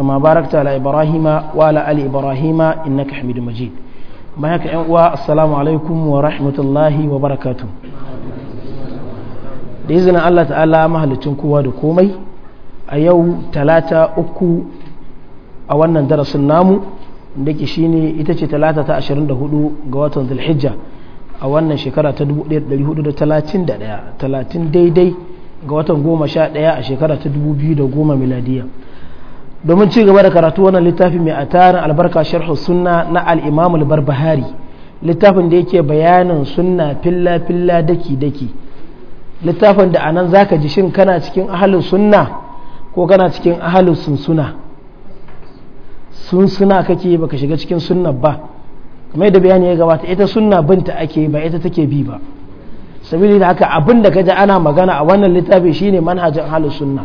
كما باركت على إبراهيم وعلى آل إبراهيم إنك حميد مجيد ما هيك السلام عليكم ورحمة الله وبركاته da izinin Allah ta'ala mahalicin kowa da komai a yau talata uku a wannan darasin namu da ita ce talata ta 24 ga watan zulhijja a wannan shekara ta 1431 talatin daidai ga watan goma sha ɗaya a shekara ta 2010 miladiya domin ci gaba da karatu wannan littafi mai a tarin albarka sharhu sunna na al'imamu imam barbahari littafin da yake bayanin sunna filla filla daki daki littafin da anan zaka ji shin kana cikin ahalin sunna ko kana cikin ahalin sunsuna sunsuna kake ka shiga cikin sunna ba kamar da bayani ya gabata ita sunna binta ake ba ita take bi ba sabili da haka abin da ka ji ana magana a wannan littafi shine manhajin ahalin sunna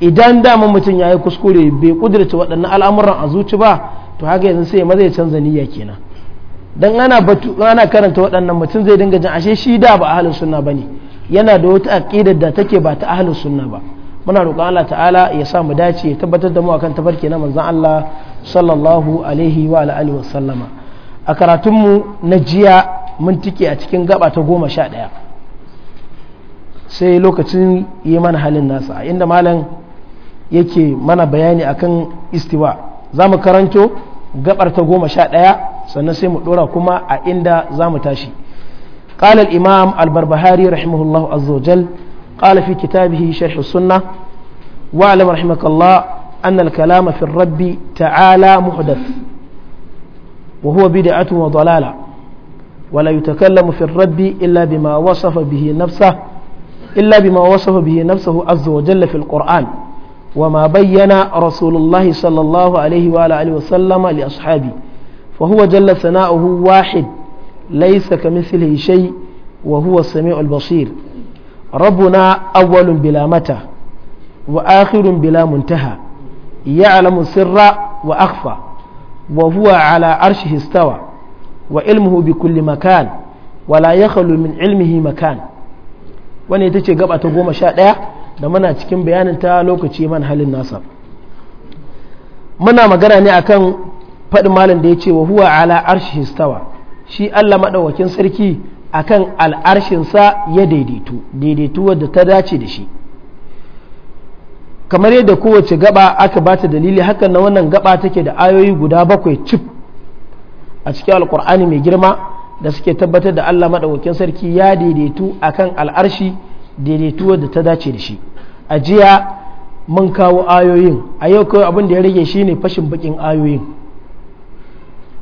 idan dama mutum ya yi kuskure bai kudurta waɗannan al'amuran a zuci ba to haka yanzu sai maza ya canza niyya kenan don ana karanta waɗannan mutum zai dinga jin ashe shi da ba suna sunna ne yana da wata aƙidar da take ba ta ahalin sunna ba muna roƙon Allah ta'ala ya sa mu dace ya tabbatar da mu akan tafarki na manzan Allah sallallahu alaihi wa alihi wa sallama a karatunmu na jiya mun tike a cikin gaba ta goma sha ɗaya sai lokacin yi mana halin nasa inda malam yake mana bayani akan istiwa za mu karanto gabar ta goma sha ɗaya sannan sai mu ɗora kuma a inda za mu tashi قال الإمام البربهاري رحمه الله عز وجل قال في كتابه شرح السنة واعلم رحمك الله أن الكلام في الرب تعالى محدث وهو بدعة وضلالة ولا يتكلم في الرب إلا بما وصف به نفسه إلا بما وصف به نفسه عز وجل في القرآن وما بين رسول الله صلى الله عليه وآله وسلم لأصحابه فهو جل ثناؤه واحد ليس كمثله شيء وهو السميع البصير ربنا أول بلا متى وآخر بلا منتهى يعلم السر وأخفى وهو على عرشه استوى وعلمه بكل مكان ولا يخلو من علمه مكان وني تجي قبعة gaba ta da muna cikin bayanin ta lokaci man halin nasa muna magana ne akan faɗi malam da ya ce wa huwa ala arshi stawa shi Allah maɗaukakin sarki akan sa ya daidaitu daidaitu wadda ta dace da shi kamar yadda kowace gaba aka bata dalili hakan na wannan gaba take da ayoyi guda bakwai cif a cikin alkur'ani mai girma da suke tabbatar da Allah maɗaukakin sarki ya daidaitu akan al'arshi daidaitu wadda ta dace da shi a jiya mun kawo ayoyin a yau kawai abin da ya rage shine fashin bakin ayoyin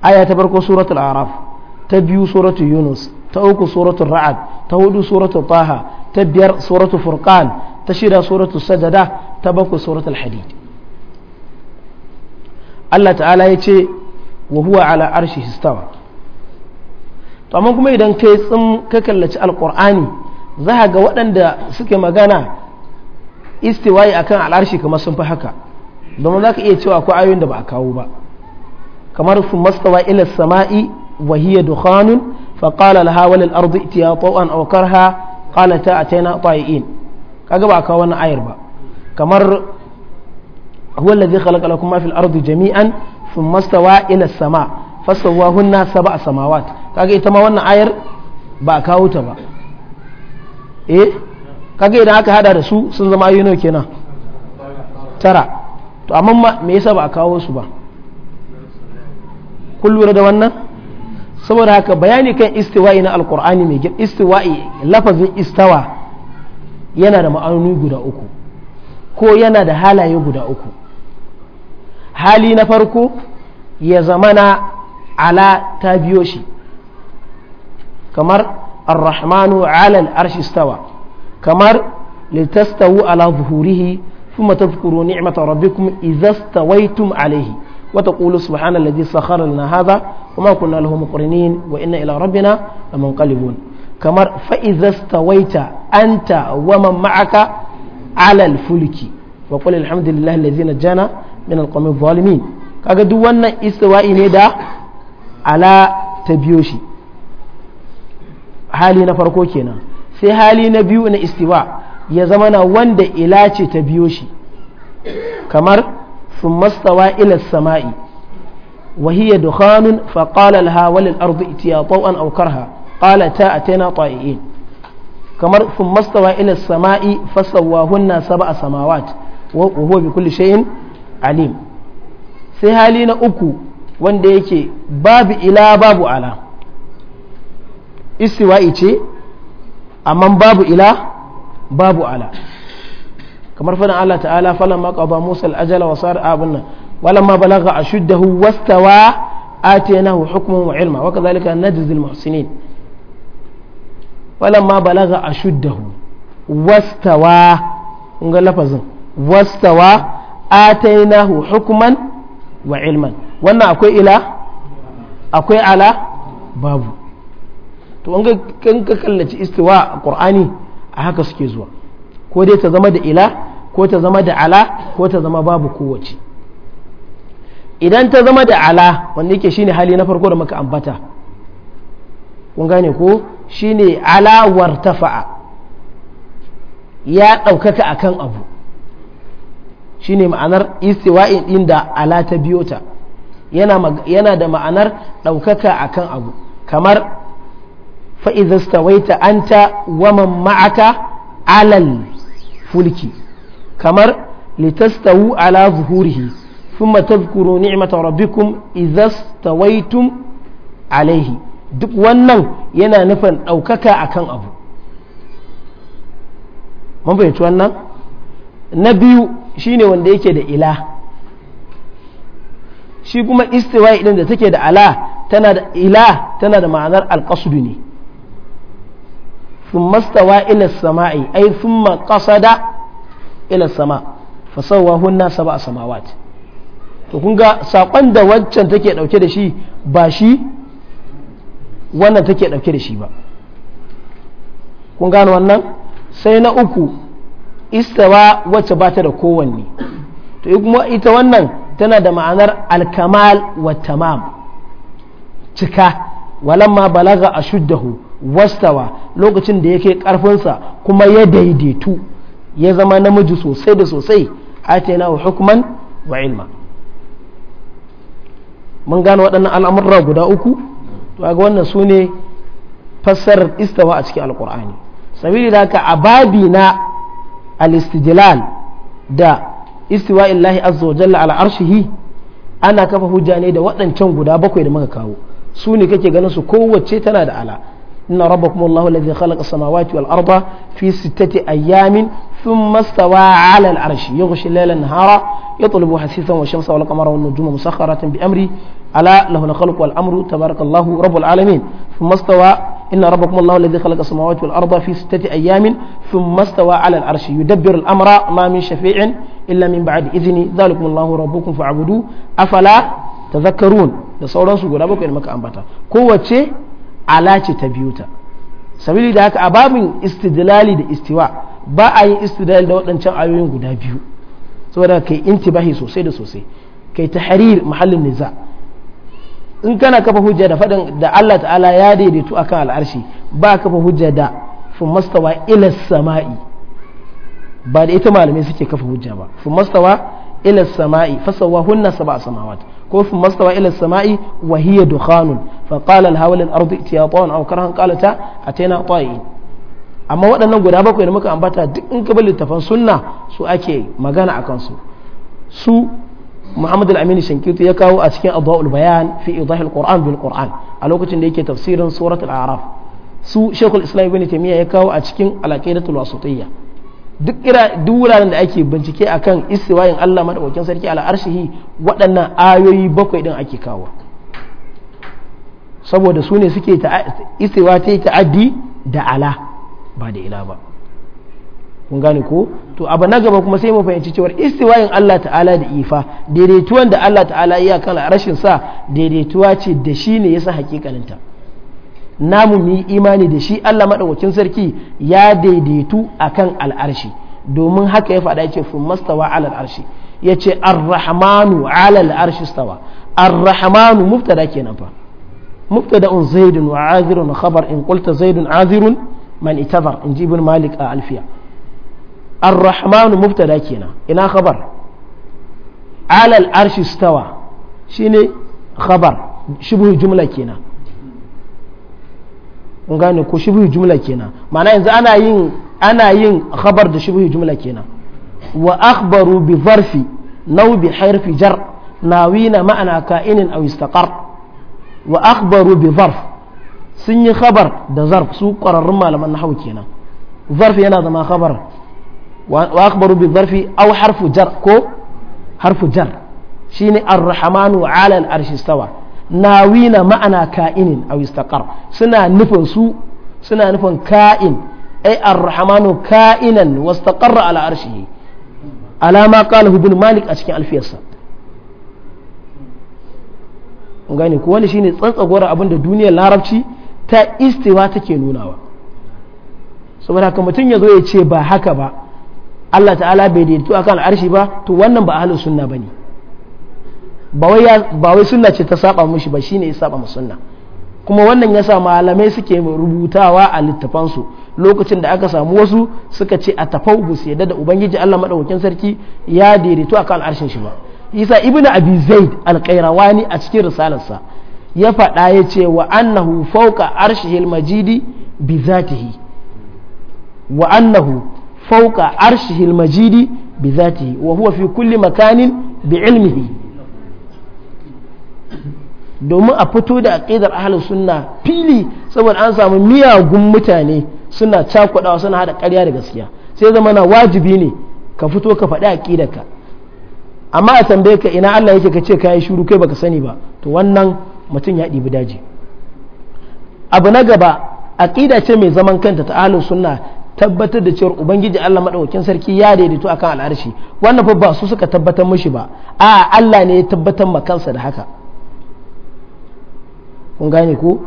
aya ta farko suratul araf ta biyu suratul yunus ta uku suratul ra'ad ta hudu suratul taha ta biyar suratul furqan ta shida suratul sajada ta bakwai suratul hadid Allah ta'ala ya ce wa huwa ala arshi istawa to amma kuma idan kai tsim ka kallaci alqur'ani za ga waɗanda suke magana istiwa'i akan al'arshi kamar sun fi haka domin za ka iya cewa akwai ayoyin da ba a kawo ba kamar su mastawa ila sama'i wa hiya dukhanun fa qala laha wal ardi itiya taw'an aw karha qalata ataina ta'iin kaga ba a kawo wannan ayar ba kamar huwa alladhi khalaqa lakum ma fil ardi jami'an thumma stawa ila sama fasawahunna sab'a samawat kaga ita ma wannan ayar ba a kawo ta ba eh kaga idan aka hada da su sun zama ayoyi kenan tara to amma me yasa ba a kawo su ba kun lura da wannan saboda haka bayani kan istiwa'i na alkur'ani mai gina istiwa'i lafazin istawa yana da ma'anoni guda uku ko yana da halaye guda uku hali na farko ya zamana ala ta biyo shi kamar arrahmanu alal arshi istawa kamar litastawu ala zuhurihi rabbikum idza stawaytum alayhi wa taqulu subhana alladhi sakhara lana hadha ila rabbina lamunqalibun kamar fa anta wa man ma'aka ala alfulki wa qul alhamdulillahi alladhi najana min kaga duk wannan istiwa'i ne da ala tabiyoshi hali na farko kenan sai hali na biyu na istiwa ya zama na wanda ila ce ta biyo shi kamar sun mastawa ilar sama'i wahi ya dukhanun faƙalar hawalin arzu iti ya ƙau'an aukar ha ƙala ta a taina ƙwa'i'i kamar sun mastawa ilar sama'i fasawa hunna saba a samawat waƙohobi kulle shayin alim sai hali na uku wanda yake babu ila babu ala istiwa ce amma babu ila babu ala kamar fadin Allah ta'ala falan ma qada Musa al-ajala wa sar abunna walamma balagha ashuddahu wastawa atainahu hukman wa ilma wa kadhalika najzi al-muhsinin walamma balagha ashuddahu wastawa kun ga lafazin wastawa atainahu hukman wa ilman wannan akwai ila akwai ala babu to an ka kallaci istiwa a qur'ani a haka suke zuwa ko dai ta zama da ila ko ta zama da ala ko ta zama babu kowace idan ta zama da ala wanda yake shine hali na farko da muka ambata kun gane ko shine ala wartafa'a ya ɗaukaka akan abu shine ma'anar istiwa inda ala ta biyota yana da ma'anar ɗaukaka akan abu kamar fa idza stawaita anta wa man ma'aka alal fulki kamar litastawu ala zuhurihi thumma tadhkuru ni'mata rabbikum idza stawaitum alaihi duk wannan yana nufin ɗaukaka akan abu mun fahimci wannan na biyu shine wanda yake da ila shi kuma istiwa'i din da take da ala tana da ila tana da ma'anar alƙasudu ne ثم استوى إلى السماء أي ثم قصد إلى السماء فسواهن سبع سماوات to kun ga saƙon da waccan take ɗauke da shi ba shi wannan take ɗauke da shi ba kun gano wannan sai na uku istawa wacce ba ta da kowanne to kuma ita wannan tana da ma'anar alkamal wa tamam cika walamma balaga ashuddahu wastawa lokacin da yake karfinsa kuma ya daidaitu ya zama namiji sosai da sosai atina wa hukman wa ilma mun gano waɗannan al'amurra guda uku to ga wannan su ne fassarar istawa a cikin alkur'ani sabili da haka a babi na al da istiwa illahi azza wa jalla ana kafa hujja ne da waɗancan guda bakwai da muka kawo su ne kake ganin su kowace tana da ala إن ربكم الله الذي خلق السماوات والأرض في ستة أيام ثم استوى على العرش يغشي الليل النهار يطلب حثيثا والشمس والقمر والنجوم مسخرة بأمري ألا له الخلق والأمر تبارك الله رب العالمين ثم استوى إن ربكم الله الذي خلق السماوات والأرض في ستة أيام ثم استوى على العرش يدبر الأمر ما من شفيع إلا من بعد إذني ذلكم الله ربكم فاعبدوه أفلا تذكرون da sauransu guda bakwai da maka ambata kowace ala ce ta biyu ta sabili da haka a babin istidlali da istiwa ba a yi istidlali da waɗancan ayoyin guda biyu saboda kai intibahi sosai da sosai kai tahrir mahallin niza in kana kafa hujja da faɗin da Allah ta'ala ya daidaitu akan al'arshi ba kafa hujja da fun mastawa ila sama'i ba da ita malamai suke kafa hujja ba fun mastawa ila sama'i fasawa hunna saba samawat kofin fi mastawa ila sama'i wa hiya dukhanun fa qala al hawal al ardu itiya tawan aw karahan qalata ataina ta'in amma waɗannan guda bakwai da muka ambata duk in kabar littafan sunna su ake magana a kansu su Muhammad al-Amin Shankirti ya kawo a cikin Adwa'ul Bayan fi idahi al-Qur'an bil Qur'an a lokacin da yake tafsirin surat al-A'raf su shekul Islam Ibn Taymiyyah ya kawo a cikin al-Aqidatul Wasitiyya duk wuraren da ake bincike akan istiwayin Allah madaukakin sarki ala arshihi waɗannan ayoyi bakwai din ake kawo saboda su ne suke istiwa ta yi ta'addi da ala ba da ila ba kun gane ko to abu na gaba kuma sai mu fahimci cewa istiwayin Allah ta'ala da ifa daidaituwan da Allah ta'ala iya kan rashin sa daidaituwa ce da shi ne yasa hakikalinta namu mu yi imani da shi Allah maɗaukakin sarki ya daidaitu akan al'arshi domin haka ya faɗa yace fun mastawa alal arshi yace ar-rahmanu alal arshi stawa ar-rahmanu mubtada kenan fa mubtada'un zaidun wa azirun khabar in qulta zaidun azirun man itazar in ji malik a alfiya ar-rahmanu mubtada kenan ina khabar alal arshi stawa shine khabar shibhu jumla kenan gane ko shibhi jumla kenan ma'ana yanzu ana yin ana yin khabar da shibhi jumla kenan wa akhbaru bi zarfi naw bi harfi jar nawina ma'ana ka'inin aw istaqar wa akhbaru bi zarf sun yi khabar da zarf su ƙwararrun malaman nahwu kenan zarf yana zama khabar wa akhbaru bi zarfi aw harfu jar ko harfu jar shine ar-rahmanu 'ala al-arshi istawa nawina ma'ana ka'inin aw istaqar suna nufin su suna nufin ka'in ay ar-rahmanu ka'inan wastaqarra ala arshihi alama qala ibn malik a cikin alfiyarsa gani ko wani shine tsantsagora abin da duniyar larabci ta istiwa take nunawa saboda haka mutum ya zo ya ce ba haka ba Allah ta'ala bai daidaito akan al'arshi ba to wannan ba ahlus sunna bane ba wai sunna ce ta saba mushi ba shine ya saba mu sunna kuma wannan ya sa malamai suke rubutawa a littafansu lokacin da aka samu wasu suka ce a tafau bu su yadda da ubangiji Allah madaukakin sarki ya daidaito kan arshin shi ba isa ibnu abi zaid al-qayrawani a cikin risalarsa ya faɗa ya ce wa annahu fawqa arshihil majidi bi zatihi wa annahu fawqa arshihil majidi bi zatihi wa huwa fi kulli makanin bi ilmihi domin a fito da aƙidar ahalin sunna fili saboda an samu miyagun mutane suna cakudawa suna hada ƙarya da gaskiya sai zama na wajibi ne ka fito ka faɗi aqidarka amma a tambaye ka ina Allah yake ka ce ka yi shuru kai baka sani ba to wannan mutum ya ɗibi daji abu na gaba aƙida ce mai zaman kanta ta ahalin sunna tabbatar da cewar ubangiji Allah madaukakin sarki ya daidaito akan al'arshi wannan fa ba su suka tabbatar mishi ba a'a Allah ne ya tabbatar ma kansa da haka kun gane ko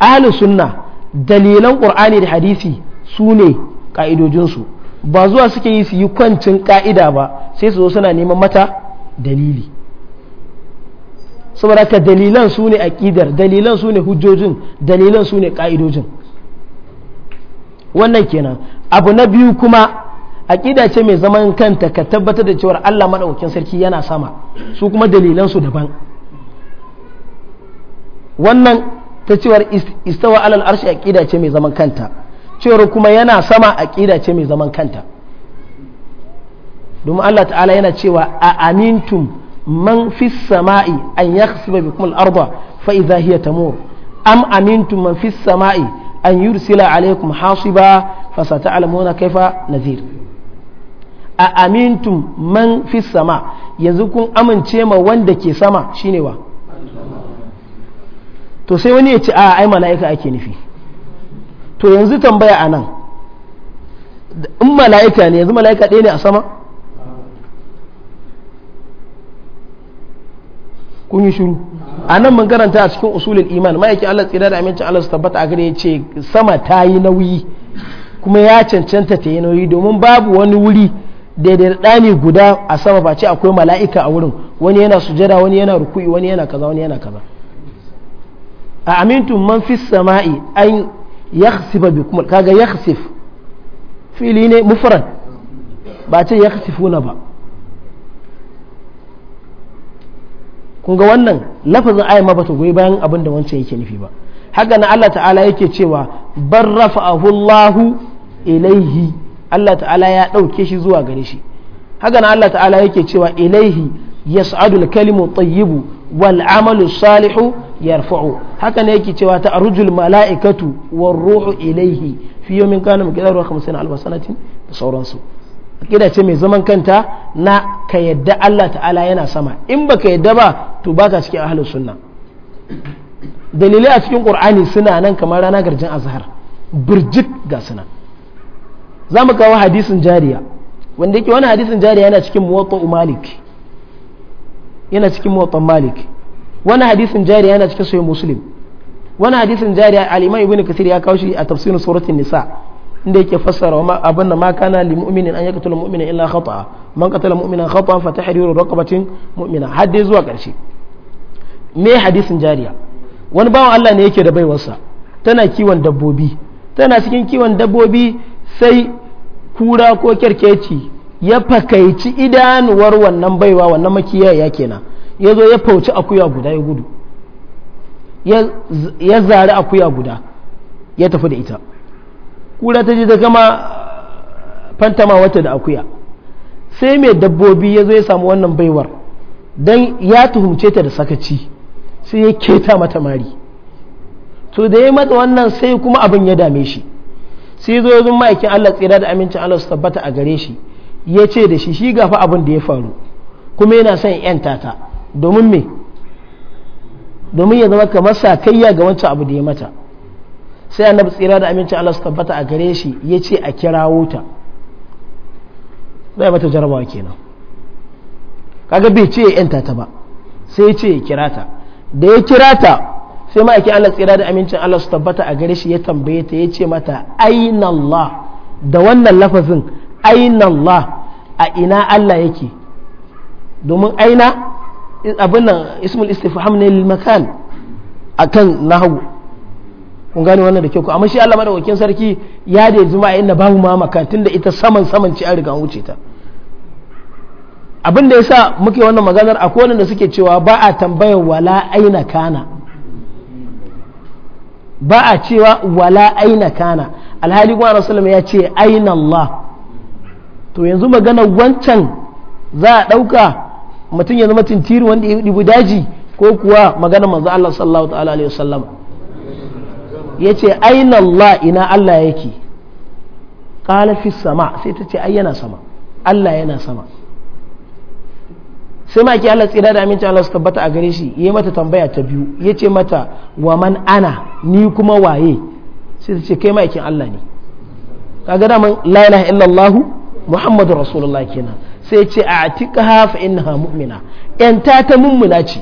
ahli sunna dalilan qur'ani da hadisi su ne ka'idojinsu ba zuwa suke yi su yi kwancin ka'ida ba sai su zo suna neman mata dalili saboda ka dalilan su ne aƙidar dalilan su ne hujjojin dalilan su ne ka'idojin wannan kenan abu na biyu kuma aƙida ce mai zaman kanta ka tabbatar da cewar allah maɗaukin sarki yana sama su kuma dalilan su daban wannan ta cewar istawa alal arshi aqida ce mai zaman kanta cewar kuma yana sama aqida ce mai zaman kanta domin Allah ta'ala yana cewa a amintum man fis sama'i an yakhsiba bikum al-ardha fa idha hiya tamur am amintum man fis sama'i an yursila alaykum hasiba fa sata'lamuna kaifa nadhir a amintum man fis sama yanzu kun amince ma wanda ke sama shine wa to sai wani ya ce a ai mala'ika ake nufi to yanzu tambaya a nan in mala'ika ne yanzu mala'ika ɗaya ne a sama kun yi shuru a nan mun karanta a cikin usulin iman ma'aikin Allah tsira da amincin Allah su tabbata a gare ya ce sama ta yi nauyi kuma ya cancanta ta yi nauyi domin babu wani wuri daidai ɗani guda a sama face akwai mala'ika a wurin wani yana sujada wani yana ruku'i wani yana kaza wani yana kaza a amintun man fi sama'i an yakhsifa bikum kaga yakhsif fili ne mufrad ba ce yakhsifuna ba kun ga wannan lafazin ayan ma bata goyi bayan abin da wancan yake nufi ba haka na Allah ta'ala yake cewa bar rafa'ahu ilaihi Allah ta'ala ya ɗauke shi zuwa gare shi haka na Allah ta'ala yake cewa ilaihi yas'adul kalimu tayyibu wal amalu salihu yarfa'u haka ne yake cewa ta arujul mala'ikatu war ruhu ilaihi fi yawmin kana miqdaru 50 alf sanatin da sauransu akida ce mai zaman kanta na ka yadda Allah ta'ala yana sama in baka yadda ba to baka cikin ahlus sunna dalilai a cikin qur'ani suna nan kamar rana garjin azhar birjik ga suna za mu kawo hadisin jariya wanda yake wani hadisin jariya yana cikin muwatta malik yana cikin muwatta malik wani hadisin jari yana cikin sahih muslim wani hadisin jari al-imam ibn kathir ya kawo shi a tafsirin suratul nisa inda yake fassara abin da ma kana lil mu'minin an yaqtula mu'mina illa khata'a man qatala mu'minan khata'an fa tahriru raqabatin mu'mina har dai zuwa karshe me hadisin jariya wani bawan Allah ne yake da baiwarsa tana kiwon dabbobi tana cikin kiwon dabbobi sai kura ko kyarkeci ya fakaici idanuwar wannan baiwa wannan makiyaya kenan ya zo ya fauci akuya guda ya gudu ya zari akuya guda ya tafi da ita kura ta ji ta gama fantama wata da akuya sai mai dabbobi ya zo ya samu wannan baiwar don ya tuhumce ta da sakaci sai ya keta mata mari to da ya mata wannan sai kuma abin ya dame shi sai zo yanzu ma'aikin Allah tsira da amincin Allah su tabbata a gare shi ya ce da shi shi gafa abin da ya faru kuma yana son 'yan tata domin me domin ya zama kamar sakayya ga wancan abu da ya mata sai annabi tsira da amincin Allah su tabbata a gare shi ya ce a kirawo ta zai mata jarabawa kenan kaga bai ce ya yanta ta ba sai ya ce ya kira ta da ya kira ta sai ake Allah tsira da amincin Allah su tabbata a gare shi ya tambaye ta ya ce mata aina Allah da wannan lafazin aina Allah a ina Allah yake domin aina abin nan ismul istifham ne lil makan kan nahwu kun gane wannan da kyau amma shi Allah madaukakin sarki ya da a inda babu ma makan tunda ita saman saman ce an riga wuce ta abin da yasa muke wannan maganar akwai da suke cewa ba a tambayar wala aina kana ba a cewa wala aina kana alhali kuma rasulullah ya ce aina Allah to yanzu maganar wancan za a ɗauka mutum ya zama tintiri wanda ya dubi daji ko kuwa magana manzo Allah sallallahu ta'ala alaihi wasallam yace aina Allah ina Allah yake qala fi sama sai ta ce ai yana sama Allah yana sama sai maki Allah tsira da aminci Allah su tabbata a gare shi yayi mata tambaya ta biyu yace mata wa man ana ni kuma waye sai ta ce kai ma'aikin Allah ne kaga da man la ilaha illallah muhammadur rasulullah kenan sai ce a atika hafa in ha mu'mina yanta ta ta mummuna ce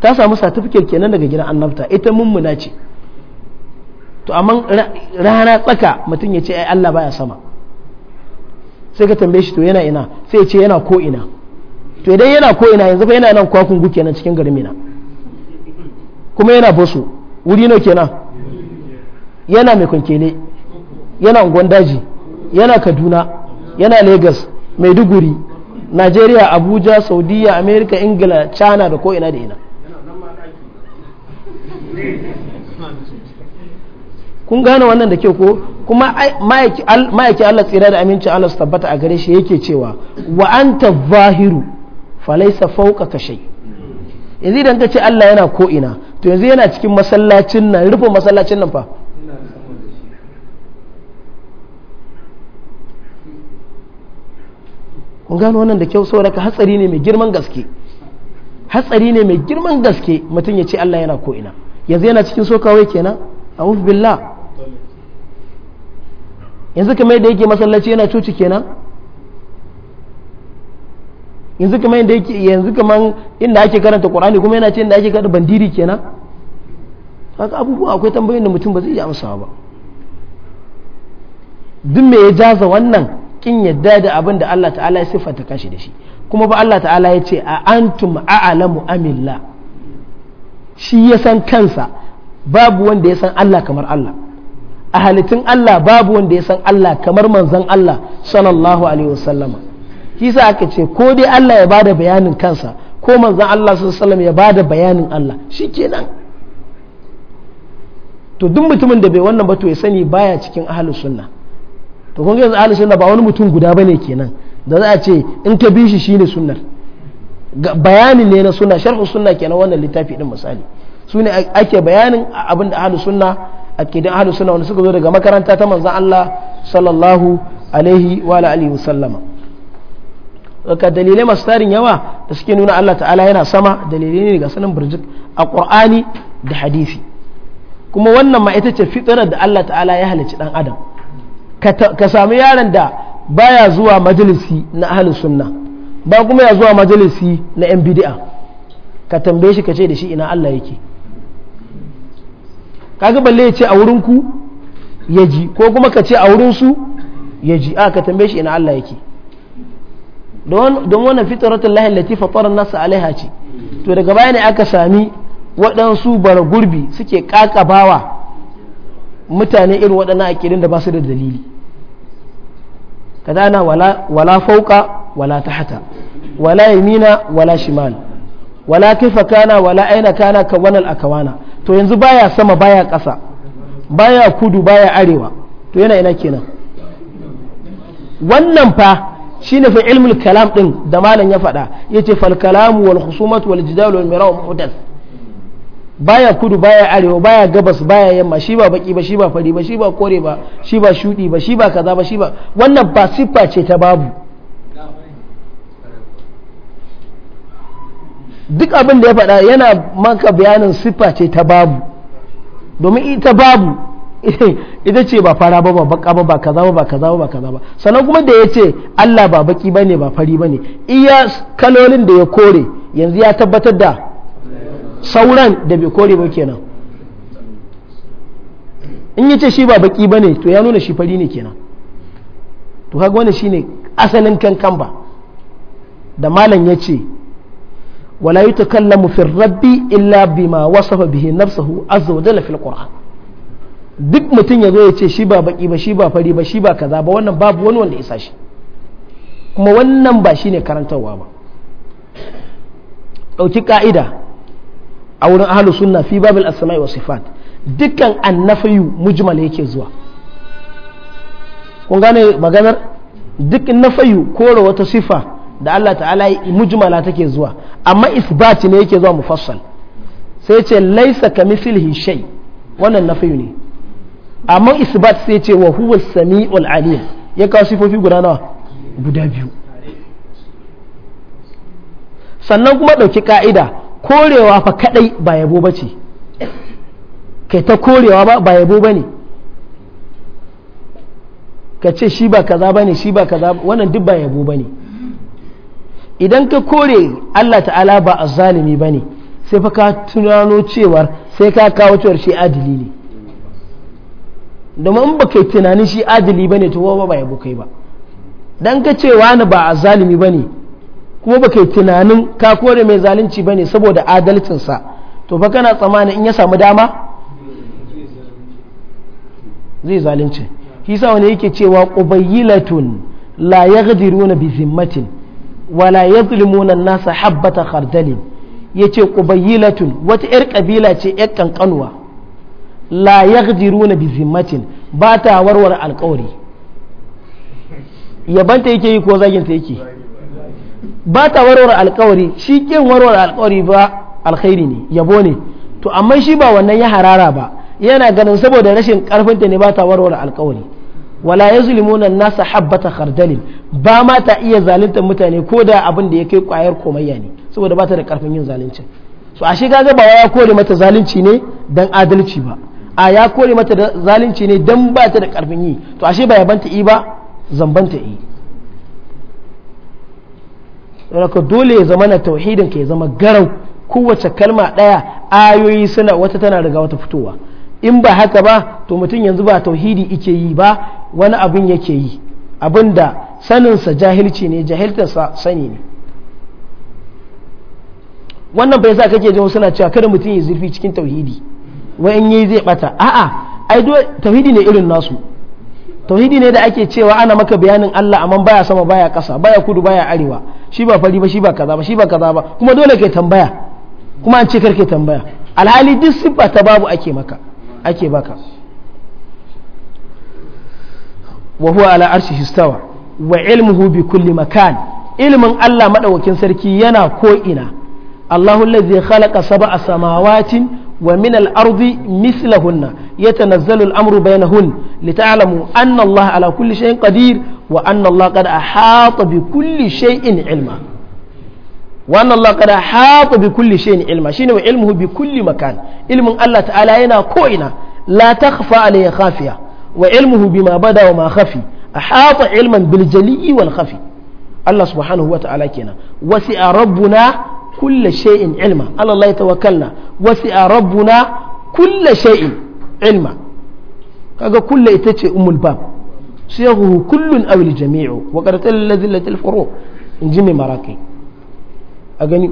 ta samu certificate kenan daga gidan annabta ita mummuna ce to amma rana tsaka mutum ya ce ai Allah baya sama sai ka tambaye shi to yana ina sai ya ce yana ko ina to idan yana ko ina yanzu fa yana nan kwakun gu kenan cikin garin mina kuma yana bosu wuri nawa kenan yana mai kwankele yana unguwan yana kaduna yana lagos maiduguri najeriya abuja saudiya amerika ingila china da ko ina da ina kun gane wannan da ke ko kuma ma'aiki Allah tsira da aminci Allah su tabbata a gare shi yake cewa wa anta zahiru falaisa fauka kashe yanzu idan ka ce Allah yana ko ina to yanzu yana cikin masallacin nan rufe masallacin nan fa kun gano wannan da kyau saboda ka hatsari ne mai girman gaske hatsari ne mai girman gaske mutum ya ce Allah yana ko ina yanzu yana cikin so kawai kenan a billah yanzu kamar yadda yake masallaci yana cuci kenan yanzu kamar yadda yake yanzu kamar inda ake karanta Qur'ani kuma yana ce inda ake karanta bandiri kenan haka abubuwa akwai tambayoyin da mutum ba zai iya amsawa ba duk me ya jaza wannan kin yadda da abin da Allah ta'ala ya siffanta kanshi da shi kuma ba Allah ta'ala ya ce a antum a'lamu amilla shi ya san kansa babu wanda ya san Allah kamar Allah a halittun Allah babu wanda ya san Allah kamar manzon Allah sallallahu alaihi wasallama sa aka ce ko dai Allah ya bada bayanin kansa ko manzon Allah sallallahu ya bada bayanin Allah shikenan to duk mutumin da bai wannan ba to ya sani baya cikin ahlus sunnah to kun yanzu ahli sunna ba wani mutum guda bane kenan da za a ce in ka bi shi shine sunnar bayanin ne na sunna sharhu sunna kenan wannan littafi din misali su ne ake bayanin abin da ahli sunna akidan ahli sunna wanda suka zo daga makaranta ta manzon Allah sallallahu alaihi wa alihi wasallama ka dalilai masu tarin yawa da suke nuna Allah ta'ala yana sama dalilai ne ga sanin burjik a ƙur'ani da hadisi kuma wannan ma ita ce fitarar da Allah ta'ala ya halicci dan adam ka sami yaron da baya zuwa majalisi na ahalin sunna ba kuma ya zuwa majalisi na yan bid'a ka tambaye shi ka ce da shi ina Allah yake kaga balle ya ce a wurin ku ya ji ko kuma ka ce a wurin su ya ji a ka tambaye shi ina Allah yake don wannan fitaratul lahin lati fatara nasa alaiha ce to daga baya ne aka sami waɗansu bara gurbi suke kakabawa mutane irin waɗannan akidun da ba su da dalili kadana wala wala fauka wala tahta wala yamina wala shimal wala kifa kana wala aina kana a akawana to yanzu baya sama baya ƙasa baya kudu baya arewa to yana ina kenan wannan fa shine fa ilmul kalam din da malam ya faɗa yace fal kalamu wal khusumat wal jidal wal miraw muhdath baya kudu baya arewa baya gabas baya yamma shi ba baki ba shi ba fari ba shi ba kore ba shi ba shudi ba shi ba kaza ba shi ba wannan ba siffa ce ta babu duk abin da ya faɗa yana maka bayanin siffa ce ta babu domin ita babu ita ce ba fara ba ba baka ba ba kaza ba ba kaza ba ba kaza ba sannan kuma da ya ce Allah ba baki bane ba fari bane iya kalolin da ya kore yanzu ya tabbatar da sauran da bai kore ba kenan in yace shi ba baki bane to ya nuna shi fari ne kenan to kaga wannan shine asalin kan ba da malam yace wala yutakallamu fi rabbi illa bima wasafa bihi nafsuhu azza wa jalla fil qur'an duk mutum ya zo ya ce shi ba baki ba shi ba fari ba shi ba kaza ba wannan babu wani wanda isa shi kuma wannan ba shine karantarwa ba ɗauki ka'ida a wurin ahalu suna fi babil asma'i wa sifat dukkan annafiyu mujmal yake zuwa kun gane maganar duk nafayu kore wata sifa da Allah ta'ala mujmala take zuwa amma isbati ne yake zuwa mufassal sai ce laisa kamithlihi shay wannan nafayu ne amma isbat sai ce wa huwa samiul alim ya kawo sifofi guda nawa guda biyu sannan kuma ɗauki ka'ida korewa fa kadai ba yabo ba ce kai ta korewa ba yabo ba ne ka ce shi ba kaza ba ne shi ba kaza wannan duk ba yabo ba ne idan ka kore Allah ta'ala ba zalimi ba ne sai fa ka tunano cewar sai ka kawo cewar shi adili ne domin ba kai tunanin shi adili ba ne to ba ba yabo kai ba dan ka ce wani ba zalimi ba ne kuma ba kai tunanin ka kore mai zalunci ba ne saboda adalcinsa to ba kana tsammanin in ya samu dama zai zalunci sa wani yake cewa ƙubayyilatun la yaghdiruna bi zimmatin wa la yadhlimuna nasa habbata ya yace ƙubayyilatun wata yar ƙabila ce yar ƙanƙanuwa la runa bi zimmatin ba ta warware alƙawari yabanta yake yi ko zaginta yake ba ta warware alkawari shi kin warware alkawari ba alkhairi ne yabo ne to amma shi ba wannan ya harara ba yana ganin saboda rashin karfinta ne ba ta warware alkawari wala yazlimuna nasa habbata khardalin ba ma ta iya zalunta mutane ko da abin da ya kai kwayar komayya ne saboda ba ta da karfin yin zalunci so ashe kaga ba ya kore mata zalunci ne dan adalci ba a ya kore mata zalunci ne dan ba ta da karfin yi to ashe ba yabanta yi ba zambanta yi. ko dole ya zama na tauhidin ka ya zama garau kowace kalma ɗaya ayoyi suna wata tana daga wata fitowa in ba haka ba to mutum yanzu ba tauhidi ike yi ba wani abin yake yi abin da saninsa jahilci ne jahiltarsa sani ne wannan bai sa kake jin suna cewa kada mutum ya zurfi cikin tauhidi wa in yi zai bata a'a ai tauhidi ne irin nasu tauhidi ne da ake cewa ana maka bayanin Allah amma baya sama baya kasa baya kudu baya arewa shi ba fari ba shi ba kaza ba shi ba kaza ba kuma dole kai tambaya kuma an ce karke tambaya alhali duk siffa ta babu ake maka ake baka wa huwa ala arshi istawa wa ilmuhu bi kulli makan ilmin Allah madaukakin sarki yana ko ina Allahu allazi khalaqa sab'a samawatin ومن الأرض مثلهن يتنزل الأمر بينهن لتعلموا أن الله على كل شيء قدير وأن الله قد أحاط بكل شيء علما وأن الله قد أحاط بكل شيء علما شنو علمه بكل مكان علم الله تعالى هنا كوينا لا تخفى عليه خافية وعلمه بما بدا وما خفي أحاط علما بالجلي والخفي الله سبحانه وتعالى كنا وسع ربنا kulla shay'in ilma ala Allah tawakkalna wasi'a rabuna kulla shay'in ilma kaga kulla ita ce ummul bab siyahu kullun aw al jami'u wa qad talladhillatil furu in ji mai maraki a gani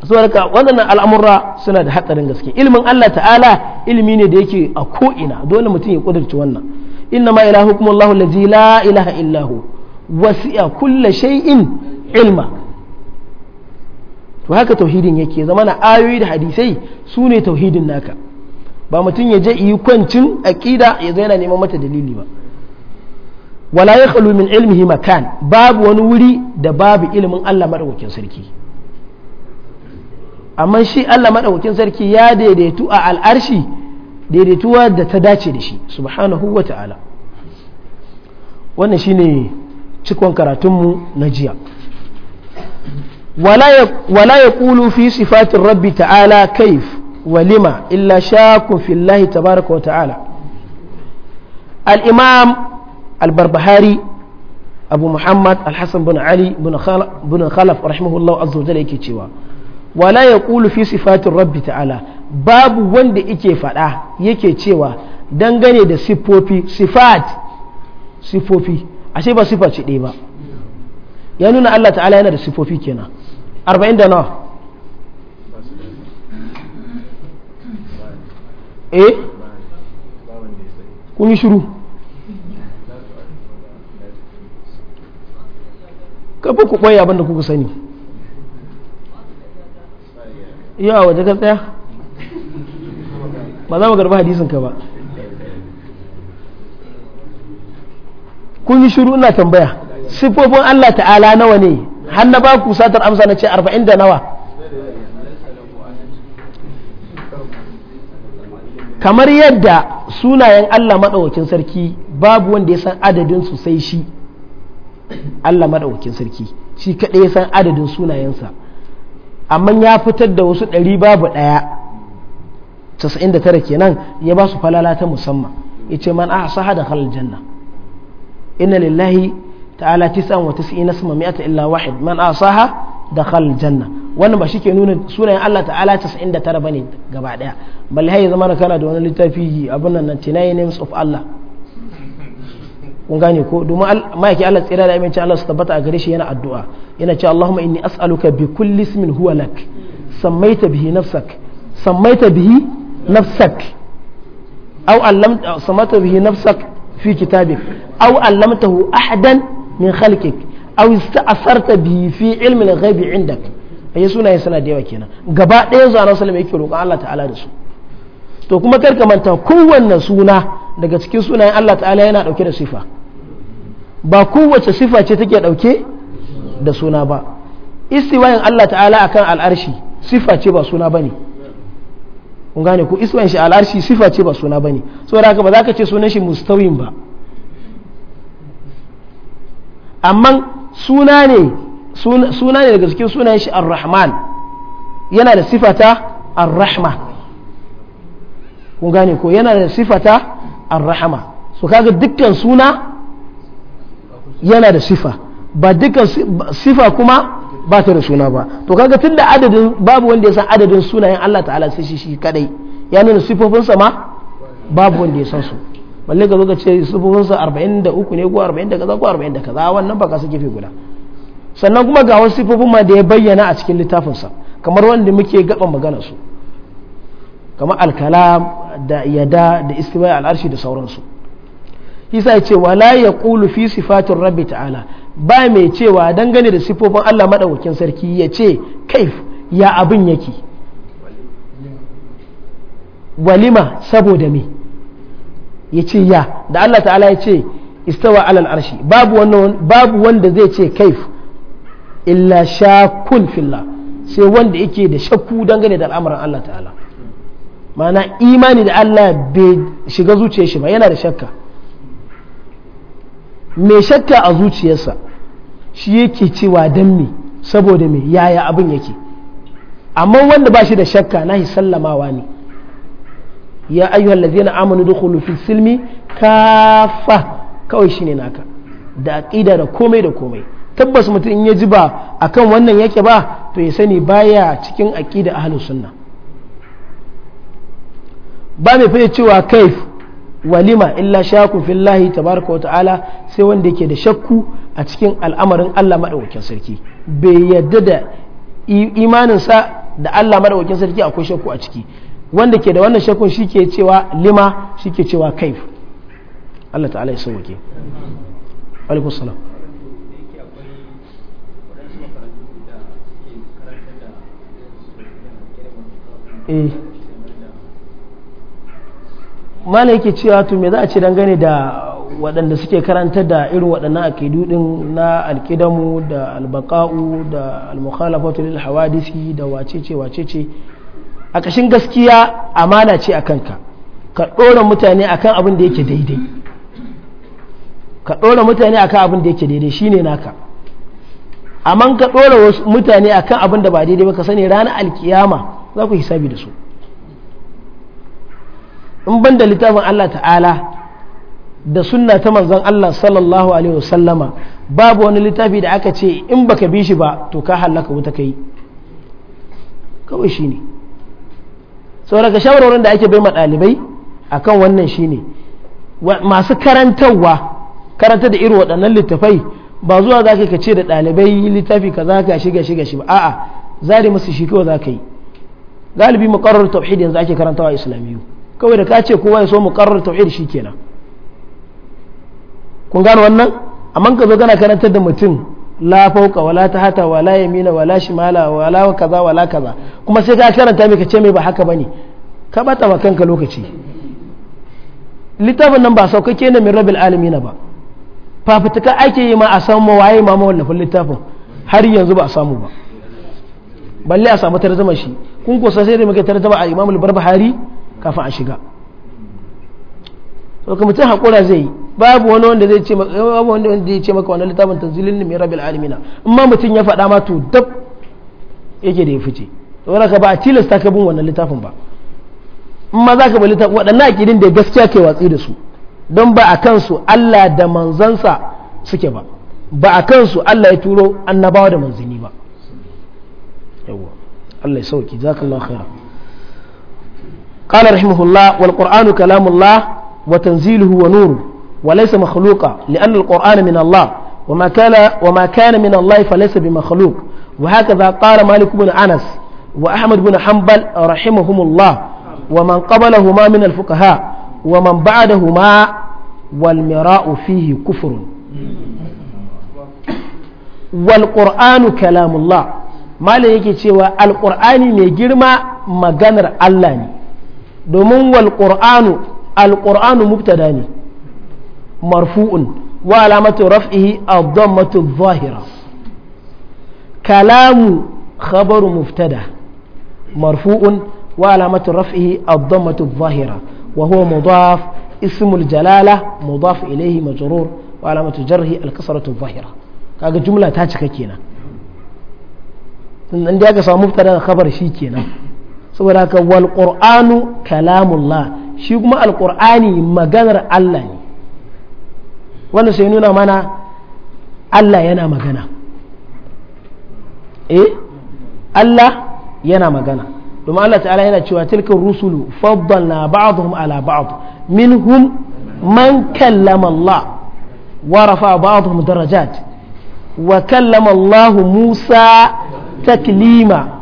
saboda waɗannan al'amurra suna da hatsarin gaske ilimin Allah ta'ala ilimi ne da yake a ko'ina dole mutum ya ƙudurci wannan inna ma ilahukum Allahu la ilaha wasi'a kulla shay'in ilma to haka tauhidin yake zama na ayoyi da hadisai su ne tauhidin naka ba mutum ya je yi kwancin aƙida ya zai yana neman mata dalili ba wala ya khalu min ilmihi makan babu wani wuri da babu ilimin Allah madaukakin sarki amma shi Allah madaukakin sarki ya daidaitu a al'arshi daidaituwa da ta dace da shi subhanahu wa ta'ala wannan shine cikon karatunmu na jiya ولا يقول في صفات الرب تعالى كيف ولما إلا شاك في الله تبارك وتعالى الإمام البربهاري أبو محمد الحسن بن علي بن خلف رحمه الله عز وجل يكتشوا ولا يقول في صفات الرب تعالى باب وند yake faɗa yake cewa dangane da siffofi sifat siffofi ashe ba sifa ce ɗaya ba ya nuna Allah ta'ala yana da siffofi kenan arba'in da nawa eh kun yi shiru kafa ku ɓoye abin da kuka sani yawa waje ka tsaya ba za mu garba hadisin ka ba kun yi shiru ina tambaya sifofin Allah ta'ala nawa ne har na ba ku satar amsa na ce arba'in da nawa kamar yadda sunayen Allah maɗaukin sarki babu wanda ya san adadin su sai shi Allah maɗaukakin sarki shi kaɗai ya san adadin sunayensa amma ya fitar da wasu ɗari babu ɗaya casa'in da tara kenan ya ba su falala ta musamman ya ce man a sahada da halal janna inna lillahi ta'ala tis'an wa tis'ina isma mi'ata illa wahid man asaha dakhal janna wannan ba shike nuna sunayen Allah ta'ala 99 bane gaba daya balle hay zama kana da wani littafi abun nan 99 names of Allah kun gane gare shi yana addu'a yana cewa Allahumma inni as'aluka bi kulli ismin huwa lak sammaita bihi nafsak sammaita bihi nafsak sammaita bihi nafsak fi ahadan min khalqik aw ista'sarta bi fi ilmi al-ghaib indak ayi sunaye sana da yawa kenan gaba ɗaya zuwa Rasul sallallahu yake roƙon Allah ta'ala da su to kuma kar ka manta kowanne suna daga cikin sunayen Allah ta'ala yana dauke da sifa ba kowace sifa ce take dauke da suna ba istiwayin Allah ta'ala akan al'arshi sifa ce ba suna bane kun gane ku istiwayin shi al'arshi sifa ce ba suna bane saboda haka ba za ka ce sunan shi mustawin ba amma suna ne suna ne daga cikin sunayen shi ar-rahman yana da sifata ar-rahma kun gane ko yana da sifata ar-rahma so kaga dukkan suna yana da sifa ba dukkan sifa kuma ba ta da suna ba to kaga tunda adadin babu wanda ya san adadin sunayen Allah ta'ala sai shi shi kadai ya nuna sifofinsa ma babu wanda ya san su balle ka zo ce ne ko 40 kaza ko wannan ba ka guda sannan kuma ga wasu sifofin ma da ya bayyana a cikin littafinsa kamar wanda muke gaba magana su kamar alkalam da yada da istimai al'arshi da sauransu isa ya ce wala ya kulu fi sifatun rabbi ta'ala ba mai cewa dangane da sifofin allah maɗaukakin sarki ya ce kaif ya abin yake walima saboda me ya ce ya da Allah ta'ala ya ce istawa alal arshi babu wannan babu wanda zai ce kaif illa shakun fillah sai wanda yake da shakku dangane da al'amuran Allah ta'ala mana imani da Allah bai shiga zuciyar shi ba yana da shakka me shakka a zuciyarsa shi yake cewa dan me saboda me yaya abin yake amma wanda ba shi da shakka na sallamawa ne ya ayyuhal na amanu dukhulu fil silmi kafa kawai shine naka da aƙida da komai da komai tabbas mutum in ya ji ba akan wannan yake ba to ya sani baya cikin aqida ahlus sunna ba mai fiye cewa kai walima illa shakun fillahi tabaraka wa ta'ala sai wanda yake da shakku a cikin al'amarin Allah madaukakin sarki bai yadda da imaninsa da Allah madaukakin sarki akwai shakku a ciki wanda ke da wannan shakun shi ke cewa lima shi ke cewa kaif Allah ta'ala ya sauke alaikum salam eh. mana yake cewa to me za a ce dangane da waɗanda suke karanta da irin waɗannan akidu din na alƙidamu da albaka'u da almukhalafatu lil hawadisi da wacece wacece a ƙashin gaskiya amana ce a kanka ka ɗora mutane akan abin da yake daidai ka ɗora mutane akan abin da yake daidai shine naka amma ka ɗora mutane mutane akan abin da ba daidai ba ka sani ranar alkiyama za ku hisabi da su in ban da littafin Allah ta'ala da sunna ta manzon Allah sallallahu alaihi wasallama babu wani littafi da aka ce in baka bi shi ba to ka halaka wuta kai kawai shine sau daga shawarwarin da ake bai ma ɗalibai akan wannan shine masu karantarwa karanta da irin waɗannan littafai ba zuwa za ka ce da ɗalibai littafi ka za ka shiga shiga shi ba a'a zari musu shi kawai za ka yi galibi mu muƙarrar tauhid yanzu ake karantawa islamiyu kawai da ka ce kowa ya so mu muƙarrar tauhid shi kenan kun gano wannan amma ka zo kana karantar da mutum la fauka wala tahata wala yamina wala shimala wala kaza wala kaza kuma sai ka karanta mai ce mai ba haka bane ka bata wa kanka lokaci littafin nan ba saukake ne min rabbil alamin ba fafutuka ake yi ma a samu waye ma mawallafin littafin har yanzu ba a samu ba balle a samu tarzama shi kun kusa sai da muke tarzama a imamul barbahari kafin a shiga to mutum hakura zai yi babu wani wanda zai ce babu wanda zai ce maka wannan littafin tanzilin mai rabbil alimina amma mutum ya faɗa ma to dab yake da ya fice saboda ka ba a tilasta ka bin wannan littafin ba amma za ka bi littafin waɗannan akidin da gaskiya ke watsi da su don ba a kansu Allah da manzansa suke ba ba a kansu Allah ya turo annabawa da manzini ba yawa Allah ya sauki jazakallahu khairan قال رحمه الله والقرآن كلام الله وتنزيله ونوره وليس مخلوقا لأن القرآن من الله وما كان وما كان من الله فليس بمخلوق وهكذا قال مالك بن أنس وأحمد بن حنبل رحمهم الله ومن قبلهما من الفقهاء ومن بعدهما والمراء فيه كفر والقرآن كلام الله malam yake cewa alƙur'ani mai girma maganar Allah ne domin wal ƙur'anu alƙur'anu mubtada ne marfu'un wa alamatu raf'ihi ad-dammatu adh-dhahira kalamu khabaru muftada marfu'un wa alamatu raf'ihi ad-dammatu adh-dhahira wa huwa mudaf ismul jalala mudaf ilayhi wa alamatu jarhi al-kasratu adh-dhahira kaga jumla ta cika kenan sannan dai samu mubtada da kabar shi kenan saboda haka wal qur'anu kalamullah shi kuma al maganar Allah ne wanda sai nuna mana Allah yana magana eh Allah yana magana domin Allah ta'ala yana cewa tilkin rusulu faddalna ba'dhum ala ba'd minhum man kallama Allah wa rafa ba'dhum darajat wa kallama Allah Musa taklima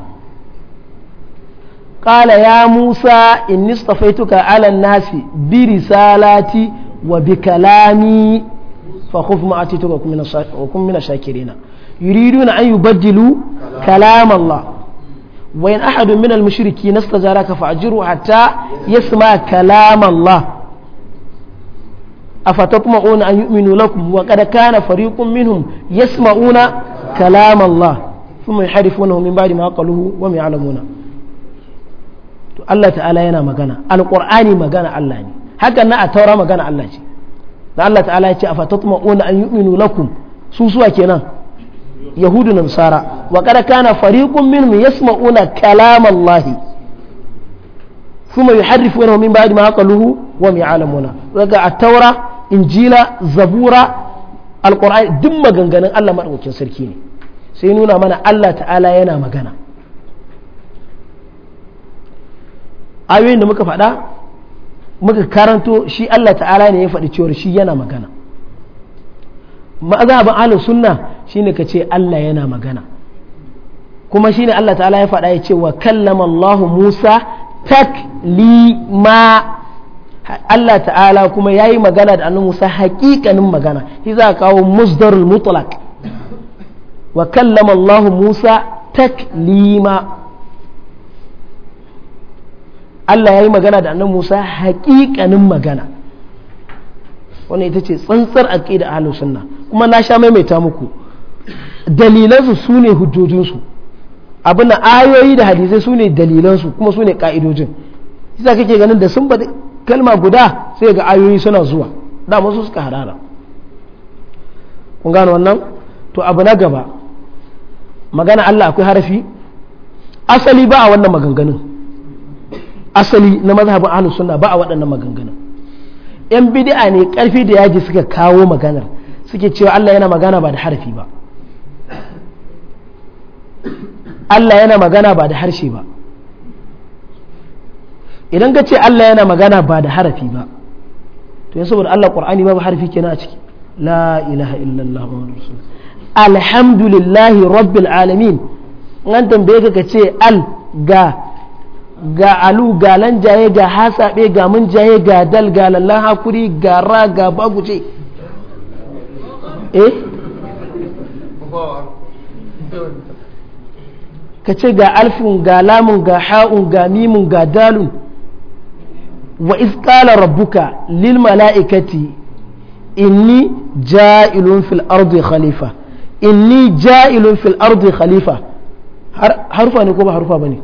قال يا موسى إني اصطفيتك على الناس برسالاتي وبكلامي fa khudh ma atitu wa kun min ash-shakirin yuriduna an yubaddilu kalam Allah wa in ahadun min al-mushriki nastajaraka fa'jiru hatta yasma kalam Allah afatatma'una an yu'minu lakum wa qad kana fariqun minhum yasma'una kalam Allah thumma yuharifunahu min ba'di ma qaluhu wa ma ya'lamuna to Allah ta'ala yana magana alqur'ani magana Allah ne hakan na a taura magana Allah ce na Allah ta'ala ya ce a mauna an yu'minu lakum su suwa kenan yahudu na nasara wa kada kana fariqun minhum yasma'una kalam Allah thumma yuharrifuna min ba'di ma aqaluhu wa ya'lamuna daga at-taura injila zabura alqur'ani duk maganganun Allah madaukakin sarki ne sai nuna mana Allah ta'ala yana magana ayoyin da muka faɗa muka karanto shi Allah ta'ala ne ya faɗi cewar shi yana magana ma'azabin ahlus sunna shine ka ce Allah yana magana kuma shine Allah ta'ala ya faɗa ya ce wa kallama Allah Musa taklima Allah ta'ala kuma ya yi magana da annabi Musa hakikanin magana shi za a kawo musdarul mutlaq wa kallama Allah Musa taklima Allah ya yi magana da annan Musa haƙiƙanin magana wannan ita ce tsantsar aqida ahlus sunna kuma na sha maimaita muku dalilansu su ne hujjojinsu abin da ayoyi da hadisai su ne dalilansu kuma su ne ka'idojin isa kake ganin da sun baɗi kalma guda sai ga ayoyi suna zuwa da masu suka harara kun wannan to abu na gaba magana Allah akwai harafi asali ba a wannan maganganun asali na mazhabin ahlus sunna ba a waɗannan maganganun yan bid'a ne karfi da yaji suka kawo maganar suke cewa Allah yana magana ba da harfi ba Allah yana magana ba da harshe ba idan ka ce Allah yana magana ba da harafi ba to yanzu saboda Allah Qur'ani babu harfi kenan a ciki la ilaha illallah muhammadur rasulullah alhamdulillahi rabbil alamin ngan tambaye ka ka ce al ga ga alu ga lanjaye ga hasabe ga munjaye ga dal ga lallan hakuri ga ra ga baguje eh ka ce ga alfun ga lamun ga ha'un ga mimun ga dalun wa iskala rabbuka lil mala'ikati inni ja'ilun fil ardi khalifa inni ja'ilun fil ardi khalifa harfa ne ko ba harfa bane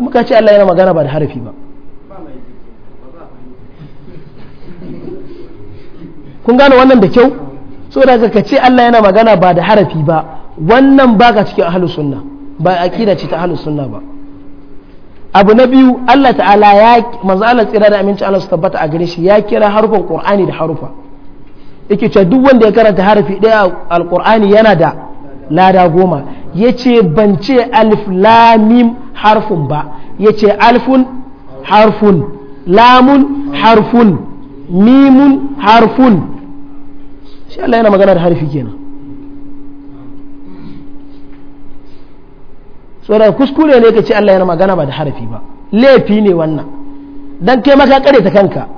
muka ce Allah yana magana ba da harafi ba kun gane wannan da kyau so daga ka ce Allah yana magana ba da harafi ba wannan ba ka cikin ahlus sunna ba aqida ce ta ahlus sunna ba abu na biyu Allah ta'ala ya manzo Allah tsira da aminci Allah su tabbata a gare shi ya kira harufan Qur'ani da harufa yake cewa duk wanda ya karanta harafi daya alqur'ani yana da lada goma ya ce ban ce alif lamim harfun ba ya ce alfun harfun lamun harfun mimun harfun shi Allah yana magana da harfi kenan saboda kuskure ne ka ce Allah yana magana ba da harfi ba laifi ne wannan dan kai maka kare ta kanka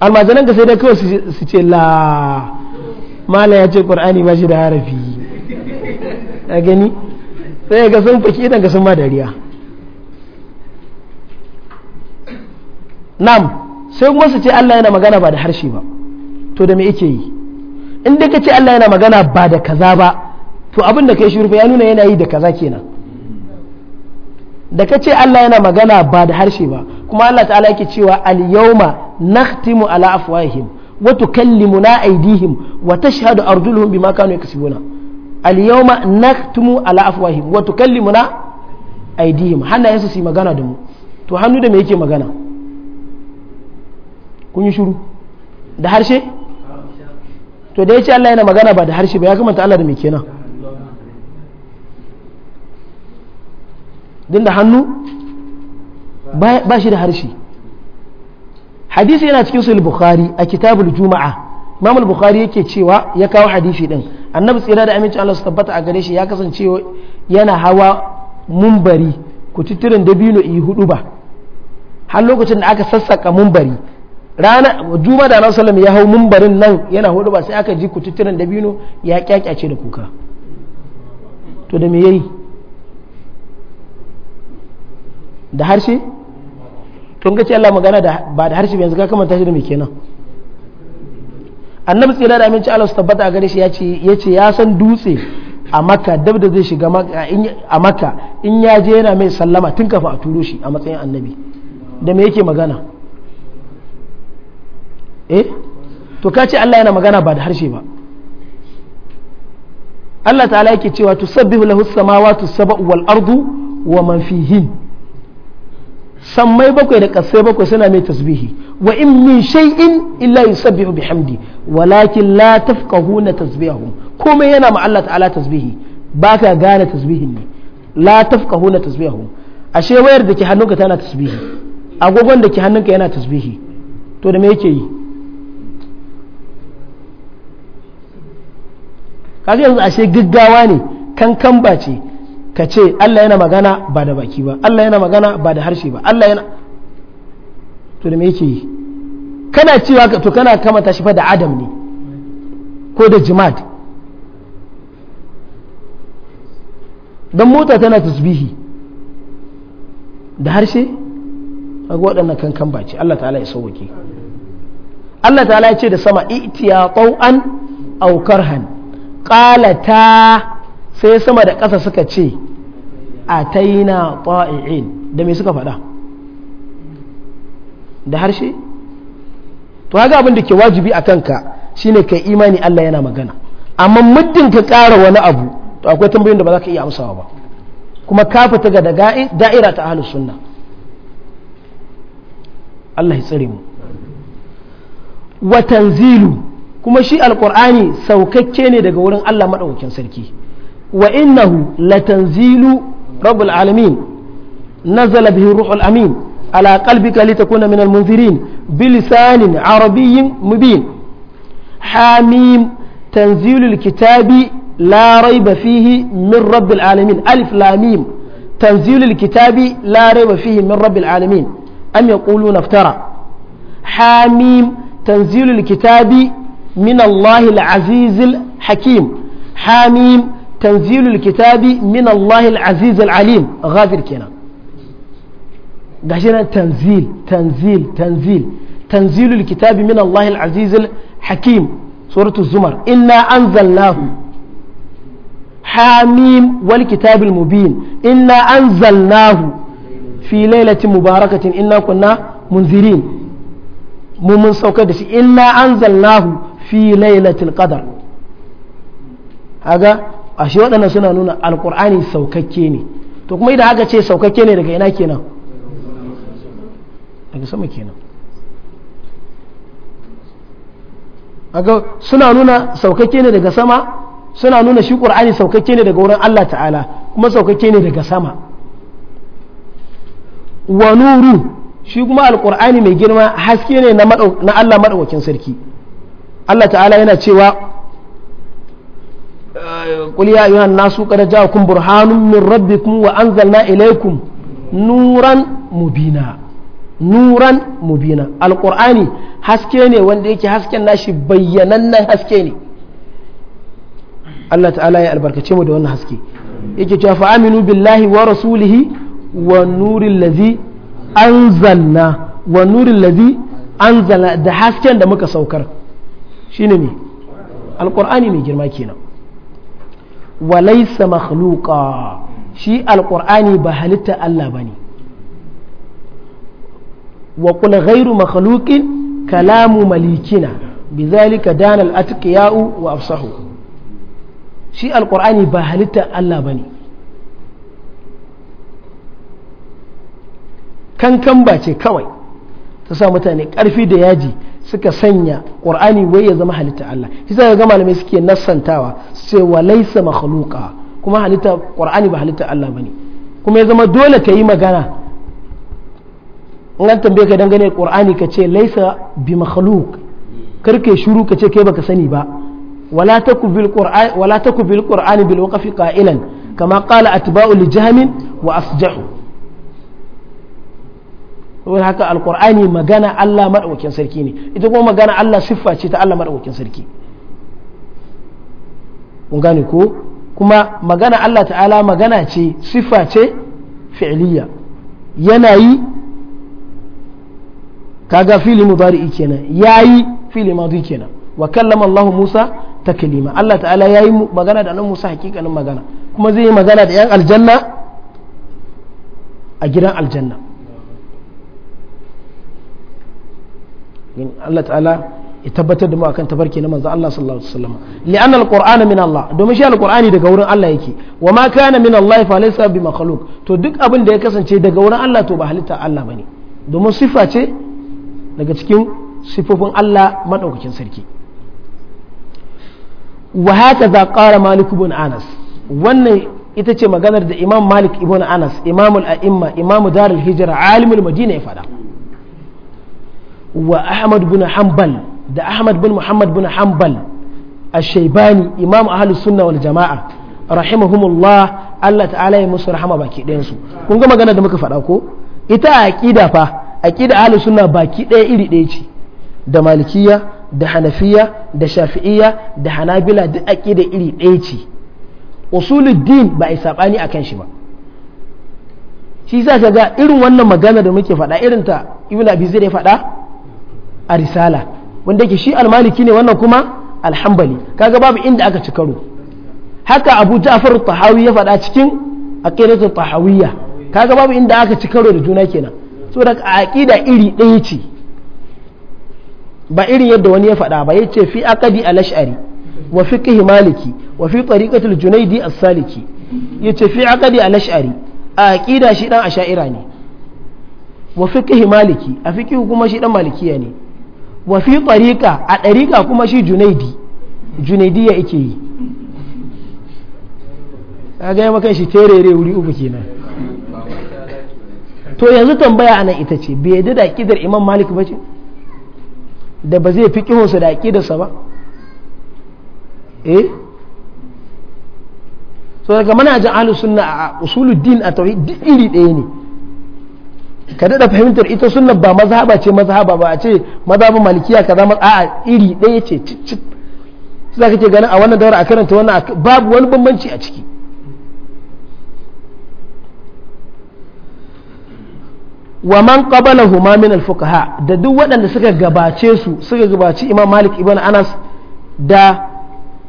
almajiranka sai dai kawai su ce la mala ya ce qur'ani ba shi da harafi a gani sai ga sun fashi idan ga sun ma dariya nam sai kuma su ce Allah yana magana ba da harshe ba to da me yake yi in dai ce Allah yana magana ba da kaza ba to abin da kai rufe ya nuna yana yi da kaza kenan da ka ce Allah yana magana ba da harshe ba kuma Allah ta'ala yake cewa al-yawma nakhtimu ala afwahihim wa tukallimuna aydihim wa tashhadu arjuluhum bima kanu yaksubuna al-yawma nakhtumu ala afwahihim wa tukallimuna aydihim hannayensu su magana da mu to hannu da me yake magana kun yi da harshe to da yace Allah yana magana ba da harshe ba ya kamata Allah da me kenan din da hannu ba shi da harshe hadisi yana cikin sul bukhari a kitabul juma'a imam bukhari yake cewa ya kawo hadisi din annabi tsira da amincin Allah su tabbata a gare shi ya kasance yana hawa mumbari ku titirin dabino yi hudu ba har lokacin da aka sassaka mumbari rana juma da an-salam ya hau mumbarin nan yana hudu ba sai aka ji ku titirin dabino ya kyakyace da kuka to da me yayi da harshe tun ga ce Allah magana ba da harshe yanzu ka kamanta shi da me kenan annabi tsira da aminci Allah su tabbata a gare shi ya ce ya san dutse a maka dab da zai shiga a makka in ya je yana mai sallama tun kafa a turo shi a matsayin annabi da me yake magana eh to ka ce Allah yana magana ba da harshe ba Allah ta'ala yake cewa tusabbihu lahu samawati sab'u wal ardu wa man fihin sammai bakwai da kasai bakwai suna mai tasbihi wa in min shay'in illa yusabbihu bihamdi walakin la tafqahuna tasbihahum komai yana ma Allah ta'ala tasbihi baka gane tasbihin ne la tafqahuna tasbihahum ashe wayar da ke hannunka tana tasbihi agogon da hannunka yana tasbihi to da me yake yi kaga yanzu ashe gaggawa ne kankan ba ce ka ce Allah yana magana ba da baki ba Allah yana magana ba da harshe ba Allah yana to da me yake yi kana cewa to kana kamata shi fa da adam ne ko da jimad don mota tana tasbihi da harshe ga waɗannan kankan bace Allah ta'ala ya sauwake Allah ta'ala ya ce da sama itiya ƙau'an han ƙalata sai sama da ƙasa suka ce a taina ƙwa'i'in da me suka faɗa da harshe to haka abin da ke wajibi a kanka shine kai imani Allah yana magana amma muddin ka kara wani abu to akwai tambayin da ba za ka iya amsawa ba kuma ka fita ga da'ira ta ahlus sunna Allah ya tsare mu wa tanzilu kuma shi alqur'ani saukakke ne daga wurin Allah madaukakin sarki wa innahu latanzilu rabbul alamin nazala bihi ruhul amin على قلبك لتكون من المنذرين بلسان عربي مبين حاميم تنزيل الكتاب لا ريب فيه من رب العالمين ألف لاميم تنزيل الكتاب لا ريب فيه من رب العالمين أم يقولون افترى حاميم تنزيل الكتاب من الله العزيز الحكيم حاميم تنزيل الكتاب من الله العزيز العليم غافر كنا gashi nan tanzil tanzil tanzil tanzilul kitabi min Allah al-aziz al-hakim suratu zumar inna anzalnahu hamim wal kitabil mubin inna anzalnahu fi mubarakatin inna kunna munzirin mu mun saukar da shi inna anzalnahu fi lailatul qadar haga ashe waɗannan suna nuna alqur'ani saukakke ne to kuma idan aka ce saukakke ne daga ina kenan daga sama kenan aga suna nuna saukakke ne daga sama suna nuna shi qur'ani saukakke ne daga wurin Allah ta'ala kuma saukakke ne daga sama wa nuru shi kuma alqur'ani mai girma haske ne na Allah madaukakin sarki Allah ta'ala yana cewa ya يا nasu qad ja'akum burhanun min wa wa anzalna nuran nuran mubina nuran mubina Alƙur'ani haske ne wanda yake hasken nashi bayyanannen haske ne Allah ta'ala ya albarkace mu da wannan haske yake cewa fa aminu billahi wa rasulihi wa nurin ladhi anzalna wa nurin ladhi anzala da hasken da muka saukar shine ne Alƙur'ani mai girma kenan wa laysa makhluqa shi Alƙur'ani ba halitta Allah bane وقل غير مخلوق كلام مليكنا بذلك دان الأتقياء وأفصحوا شيء القرآن باهلتا الله بني kan kan ce kawai ta sa mutane ƙarfi da yaji suka sanya ƙur'ani wai ya zama halitta Allah shi sai ga malamai suke nasantawa sai ce wa laysa makhluqa kuma halitta ƙur'ani ba halitta Allah bane kuma ya zama dole ka yi magana in an tambaye ka dangane qur'ani ka ce laisa bi makhluq karke shuru ka ce kai baka sani ba wala taku bil qur'ani wala taku bil qur'ani bil waqfi qailan kama qala atba'u li jahmin wa asjahu wa haka al-qur'ani magana Allah madaukakin sarki ne ita kuma magana Allah siffa ce ta Allah madaukakin sarki kun gane ko kuma magana Allah ta'ala magana ce siffa ce fi'liya yana yi kaga fili mudari'i kenan yayi fili madi kenan wa kallama Allah Musa taklima Allah ta'ala yayi magana da nan Musa hakikanin magana kuma zai yi magana da yan aljanna a gidan aljanna in Allah ta'ala ya tabbatar da mu akan tabarki na manzo Allah sallallahu alaihi wasallam li'anna alqur'ana min Allah domin shi alqur'ani daga wurin Allah yake wa ma kana min Allah fa laysa bi makhluq to duk abin da ya kasance daga wurin Allah to ba halitta Allah bane domin sifa ce daga cikin sifofin Allah maɗaukacin sarki wa haka za ƙara malik ibn anas wannan ita ce maganar da imam malik ibn anas imamul a'imma imamu darul hijira alimul madina ya faɗa wa ahmad bin hanbal da ahmad bin muhammad bin hanbal الشيباني إمام أهل Allah والجماعة رحمهم baki ɗayansu تعالى يمسو رحمه باكي دينسو كونغا ko ita a إتا أكيدا fa. aqida ahlus sunna baki ɗaya iri ɗaya ce da malikiya da hanafiya da shafi'iyya da hanabila duk aqida iri ɗaya ce usuluddin ba a sabani akan shi ba shi sa ka ga irin wannan magana da muke faɗa irin ta ibnu abi ya faɗa a risala wanda ke shi almaliki ne wannan kuma alhambali kaga babu inda aka ci karo haka abu ja'far tahawi ya faɗa cikin aqidatu tahawiyya kaga babu inda aka ci karo da juna kenan so a aƙida iri ɗaya ce ba irin yadda wani ya faɗa ba ya ce fi akadi al-ash'ari wa fi maliki wa fi tsarikatul junaidi a saliki ya ce fi akadi al-ash'ari a aƙida shi ɗan asha'ira ne wa fi kihi maliki a fiqhi kuma shi ɗan malikiya ne wa fi tsarika a ɗarika kuma shi junaidi junaidi ya ike yi kaga ya makan shi terere wuri uku kenan to yanzu tambaya ana ita ce bai yadda da ƙidar imam malik ba ce da ba zai fi ƙihonsa da ƙidarsa ba eh so daga jan ahlus suna a din a tauhid duk iri ɗaya ne ka daɗa fahimtar ita sunna ba mazhaba ce mazhaba ba a ce mazhabin malikiya kaza a'a iri ɗaya ce cicci za ka ke ganin a wannan daura a karanta wannan babu wani bambanci a ciki wa man qabalahu ma min al-fuqaha da duk waɗanda suka gabace su suka gabaci imam malik ibn anas da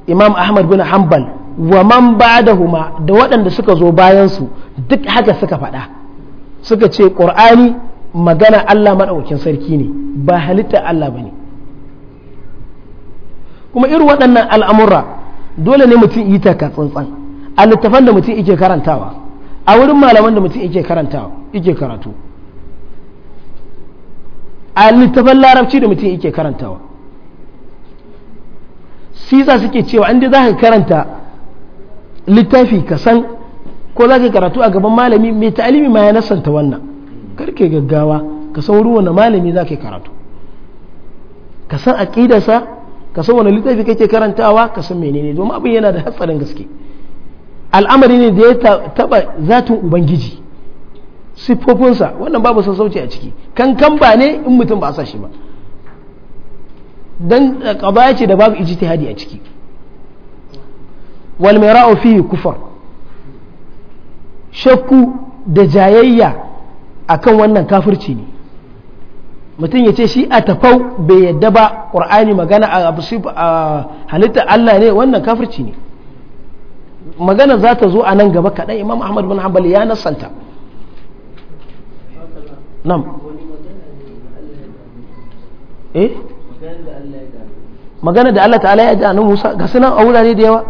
imam ahmad bin hanbal wa man ba'dahuma da waɗanda suka zo bayan su duk haka suka faɗa suka ce qur'ani magana Allah madaukakin sarki ne ba halitta Allah bane kuma irin waɗannan al'amura dole ne mutum yi taka tsantsan a littafan da mutum yake karantawa a wurin malaman da mutum yake karantawa yake karatu a littafin larabci da mutum yake karantawa sisa suke cewa an dai za ka karanta littafi ka san ko za ka karatu a gaban malami mai ta'alimi ma ya nasanta wannan karke gaggawa ka san wurin wani malami za ka karatu ka san aƙidarsa ka san wani littafi kake karantawa ka san menene domin abin yana da hatsarin gaske al'amari ne da ya taɓa zatin ubangiji siffofinsa wannan babu sassauci a ciki kankan ba ne in mutum ba a shi ba don eh, ya ce da babu ijtihadi a ciki wal mai kufar shakku da jayayya akan wannan kafirci ne mutum ya ce shi a tafau bai yadda ba ƙur'ani magana a halitta Allah ne wannan kafirci ne magana za ta zo a nan gaba kaɗan imam ahmad bin ya nasanta nam eh magana da Allah ta'ala ya ji annabi Musa ga sunan a wurare da yawa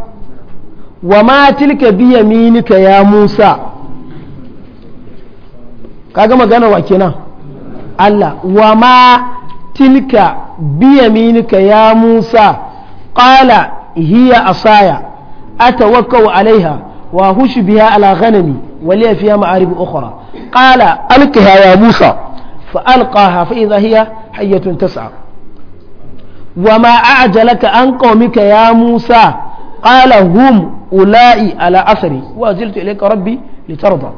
wa ma tilka bi yaminika ya Musa kaga magana wa kenan Allah wa ma tilka bi yaminika ya Musa qala hiya asaya atawakkau alaiha وهش بها على غنمي ولي فيها معارب أخرى قال ألقها يا موسى فألقاها فإذا هي حية تسعى وما أعجلك عن قومك يا موسى قال هم أولئي على أثري وأزلت إليك ربي لترضى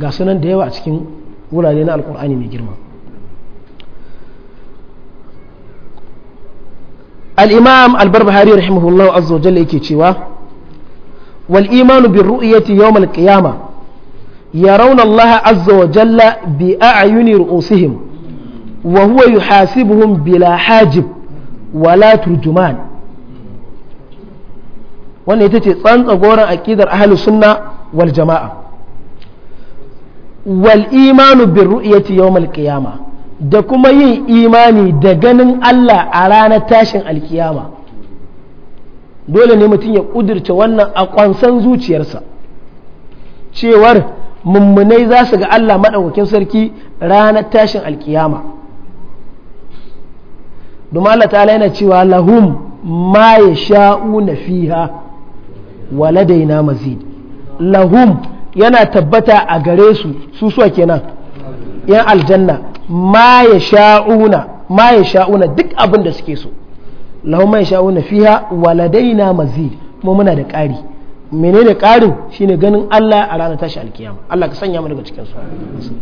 ga sunan da yawa a القرآن wurare na al-imam al-barbahari rahimahullahu azza wa jalla yake cewa wal imanu bi ru'yati yawm al-qiyamah yarawna Allah azza wa bi a'yuni ru'usihim wa huwa yuhasibuhum bila hajib wala turjuman wannan ita ce tsantsa goron aqidar ahlus sunna wal jama'a wal imanu bin ru'yati yawm al da kuma yin imani da ganin Allah a ranar tashin alkiyama dole ne mutum ya ƙudurce wannan a ƙwansan zuciyarsa cewar mummunai za su ga Allah maɗaukakin sarki ranar tashin alkiyama domin Allah ta yana cewa lahum ma ya sha'u na fiha waladaina mazid lahum yana tabbata a gare su su suwa kenan yan aljanna ma ya sha'una duk abin da suke so lahu ma ya sha'una fiha waladaina mazid kuma muna da ƙari menene ƙarin shine ganin Allah a ranar tashi alkiyama Allah ka sanya mu daga cikin su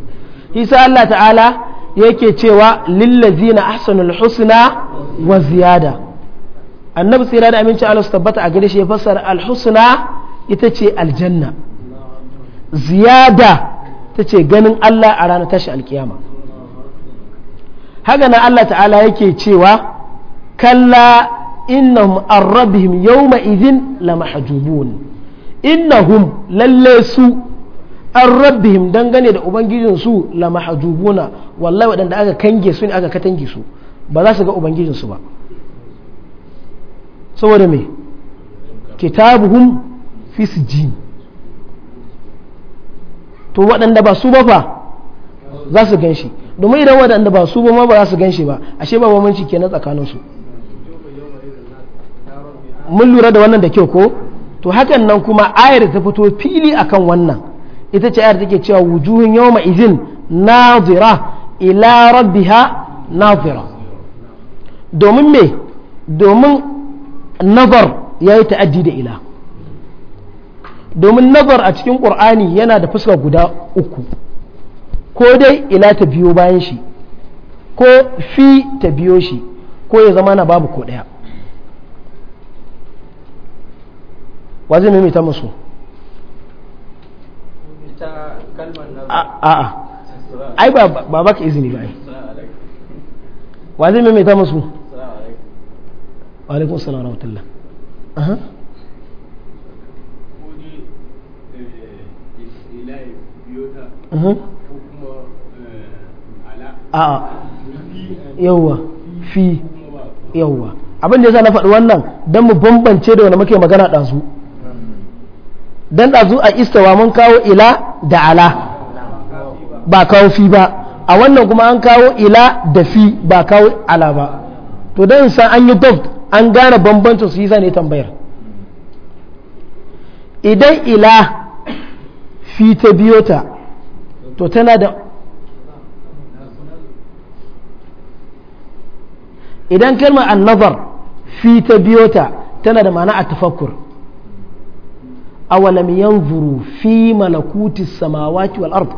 isa Allah ta'ala yake cewa lillazina ahsanul husna wa ziyada annabi tsira da aminci Allah su tabbata a gare shi ya fassara alhusna ita ce aljanna ziyada ta ce ganin Allah a ranar tashi alkiyama haka nan Allah ta'ala yake cewa kalla innahum an yawma idhin la mahjubun innahum lalle su an dangane da ubangijin su la mahjubuna wallahi wadanda aka kange su ne aka katange su ba za su ga ubangijin su ba saboda me kitabuhum fi sijin to waɗanda ba su ba fa za su gan domin idan waɗanda ba su ba ma ba za su gan shi ba ashe ba bambanci kenan tsakanin su mun lura da wannan da kyau ko to hakan nan kuma ayar ta fito fili akan wannan ita ce ayar take cewa wujuhun yawma izin nazira ila rabbiha nazira domin me domin nazar yayi ta'addi da ila domin nazar a cikin qur'ani yana da fuska guda uku ko dai ila ta biyo bayan shi ko fi ta biyo shi ko ya zama na babu ko ɗaya wa zai ta musu a'a ai ba baka izini ba ai wa zai mimita musu wa alaikun salam rahmatullah aha Uh-huh. A'a, yawwa fi yawwa abin da yasa na faɗi wannan don mu bambance da wani muke magana ɗazu don ɗazu a istawa mun kawo ila da ala ba kawo fi ba a wannan kuma an kawo ila da fi ba kawo ala ba to don san an yi dof an gane bambancin su yi zane tambayar idan ila fi ta biyo ta to tana da idan kalmar annazar fi ta biyo ta tana da ma'ana a tafakkur awalam yanzuru fi malakuti samawati wal ard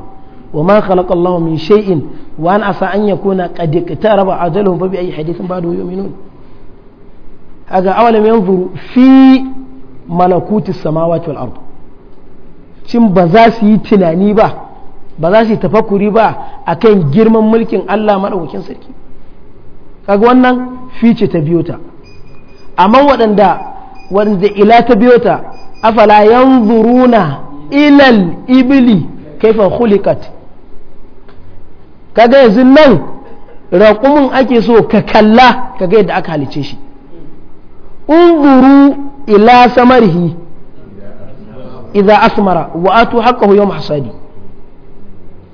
wa ma khalaqa Allah min shay'in wa an asa an yakuna qad iqtaraba ajaluhum bi ayi hadithin ba'dahu yu'minun aga awalam yanzuru fi malakuti samawati wal ard shin ba za su yi tunani ba ba za su yi tafakuri ba akan girman mulkin Allah madaukakin sarki kaga wannan fice ta biyo ta amma waɗanda wanda ila ta biyo ta afala yanzuruna ilal ibili kaifa khuliqat kaga yanzu nan raƙumin ake so ka kalla kaga yadda aka halice shi unzuru ila samarihi idza asmara wa atu haqqahu yawm hasadi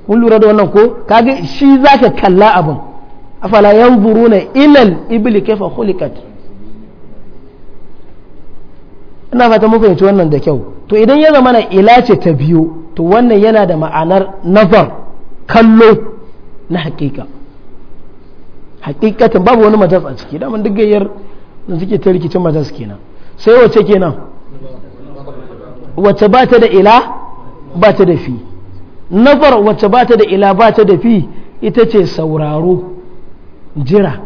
kun lura da wannan ko kaga shi zaka kalla abin afala na ilal ibli kaifa khuliqat ina fata muka yanci wannan da kyau to idan ya zama na ila ce ta biyu to wannan yana da ma'anar nazar kallo na hakika hakikatan babu wani majas a ciki damar duk gayyar da suke ta rikicin majas kenan sai wace kenan wacce ba ta da ila ba ta da fi nazar wacce ba ta da ila ba ta da fi ita ce sauraro jira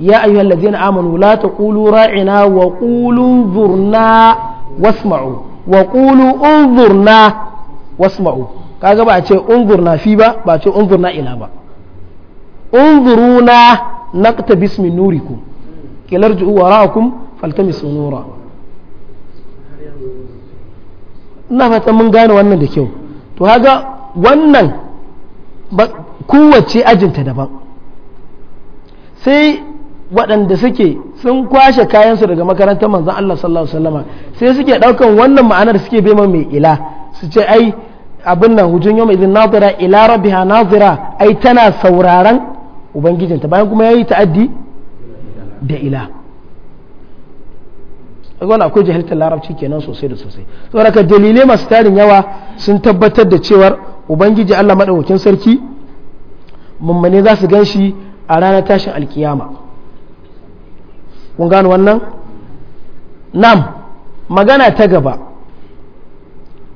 ya ayyuha allazina amanu la taqulu ra'ina wa qulu zurna wasma'u wa qulu unzurna wasma'u kaga ba a ce unzurna fi ba ba a ce unzurna ila ba unzuruna naqtabis min nurikum kilarju wara'akum faltamisu nura na fata mun gane wannan da kyau to haga wannan ba kowace ajinta daban sai waɗanda suke sun kwashe kayansu daga makarantar manzan Allah sallallahu alaihi wasallam sai suke ɗaukan wannan ma'anar suke bai mai ila su ce ai abin nan hujun yau mai nazira ila rabbiha nazira ai tana sauraron ubangijinta bayan kuma yayi ta'addi da ila wani akwai jahiltar larabci kenan sosai da sosai saboda dalilai masu tarin yawa sun tabbatar da cewar ubangiji Allah maɗaukakin sarki mummane za su gan shi a ranar tashin alkiyama kun gano wannan nam magana ta gaba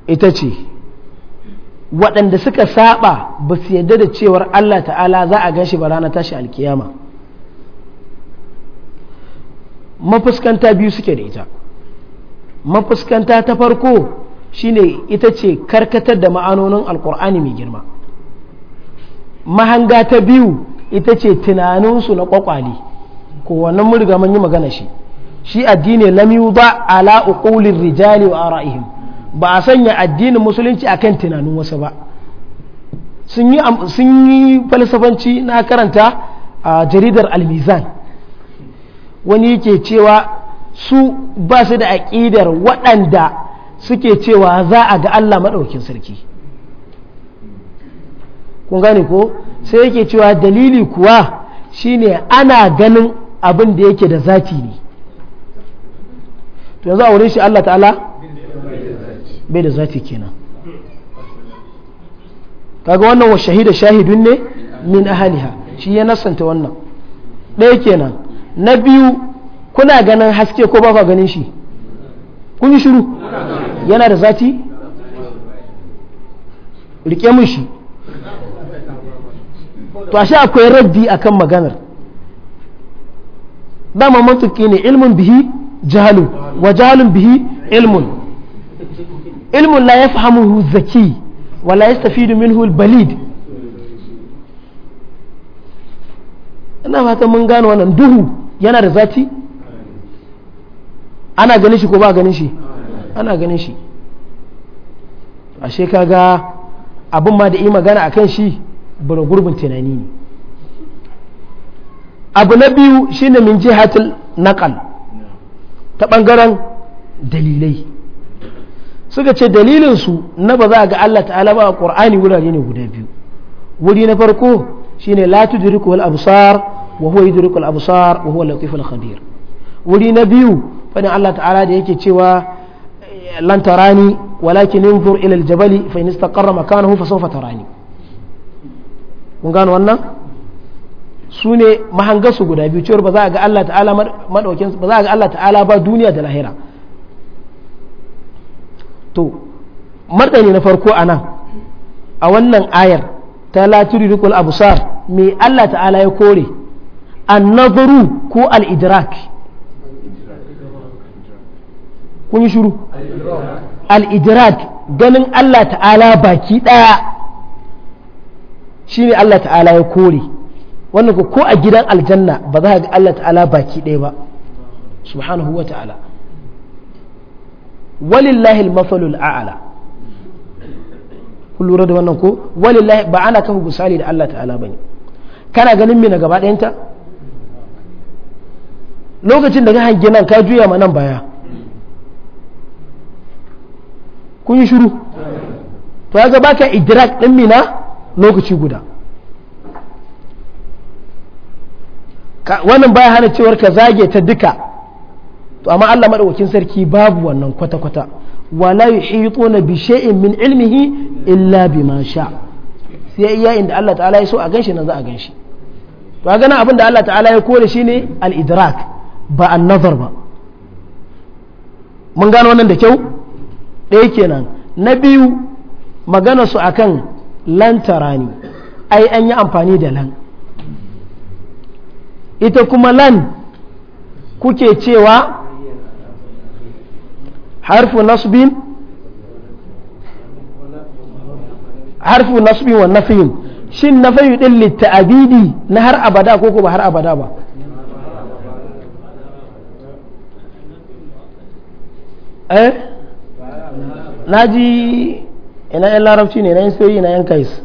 ita ce waɗanda suka saba ba su yadda da cewar Allah ta'ala za a gan shi ba ranar tashin alkiyama mafuskanta biyu suke da ita mafuskanta ta farko shine ita ce karkatar da ma'anonin alkur'ani mai girma mahanga ta biyu ita ce tunaninsu na kwakwale ko wannan mun riga magana shi shi addini lam yuda ala uqulir rijali wa ara'ihim ba a sanya addinin musulunci akan tunanin wasu ba sun yi sun yi falsafanci na karanta a jaridar al-mizan wani yake cewa su ba su da aƙidar waɗanda suke cewa za a ga Allah madaukin sarki kun gane ko sai yake cewa dalili kuwa shine ana ganin abin da yake da zati ne to yanzu a wurin shi Allah ta'ala bai da zati kenan kaga wannan wa shahida shahidun ne min ahaliha shi ya nasanta wannan ɗaya kenan na biyu kuna ganin haske ko ba ganin shi kun yi shiru yana da zati rike mun shi to ashe akwai raddi akan maganar dama mantuki ne ilmun bihi jahalu wa jahalun bihi ilmun ilmun la yafhamuhu zaki wa la yastafidu minhu balid ina fata mun gano wannan duhu yana da zati ana ganin shi ko ba ganin shi ana ganin shi ashe kaga abin ma da yi magana akan shi bara gurbin tunani ne abu na biyu shine min jihatul naqal ta bangaren dalilai suka ce dalilinsu na ba za a ga Allah ta'ala ba a ƙur'ani wurare ne guda biyu wuri na farko shine la tudriku wal absar wa huwa yudriku al wa huwa latif wuri na biyu fadin Allah ta'ala da yake cewa lan tarani walakin inzur ila ilal jabali fa in istaqarra makanahu fa sawfa tarani kun gano wannan su ne mahangarsu guda biyu cewar ba za a ga Allah ta'ala ba duniya da lahira to martani na farko a nan a wannan ayar ta la abu absar mai Allah ta'ala ya kore an nazaru ko al kun yi shiru al-idrak ganin Allah ta'ala baki ɗaya. ne Allah ta'ala ya kore wannan ko a gidan aljanna ba za a ga Allah ta'ala baki ɗaya ba subhanahu wa ta'ala walillahi al-mafalul a'la kun lura da wannan ko walillahi ba ana kafa misali da Allah ta'ala bane kana ganin na gaba ɗayanta lokacin da ka hange nan ka juya ma nan baya kun yi shiru to ya ga baka idrak ɗin mina lokaci guda wannan baya hana cewar ka zage ta duka to amma Allah madaukakin sarki babu wannan kwata kwata wala yuhituna bi shay'in min ilmihi illa bima sha sai iya inda Allah ta'ala ya so a ganshi nan za a ganshi to a gana abin da Allah ta'ala ya kore shine al-idrak ba an-nazar ba mun gano wannan da kyau ɗaya kenan na biyu magana su akan lan tarani ai an yi amfani da lan ita kuma lan kuke cewa harfu nasbin harfu nasbin wa nafiyin shin nafayu din litta'abidi na har abada ko kuma har abada ba eh ji ina yan larabci ne na yan sauri na yan kais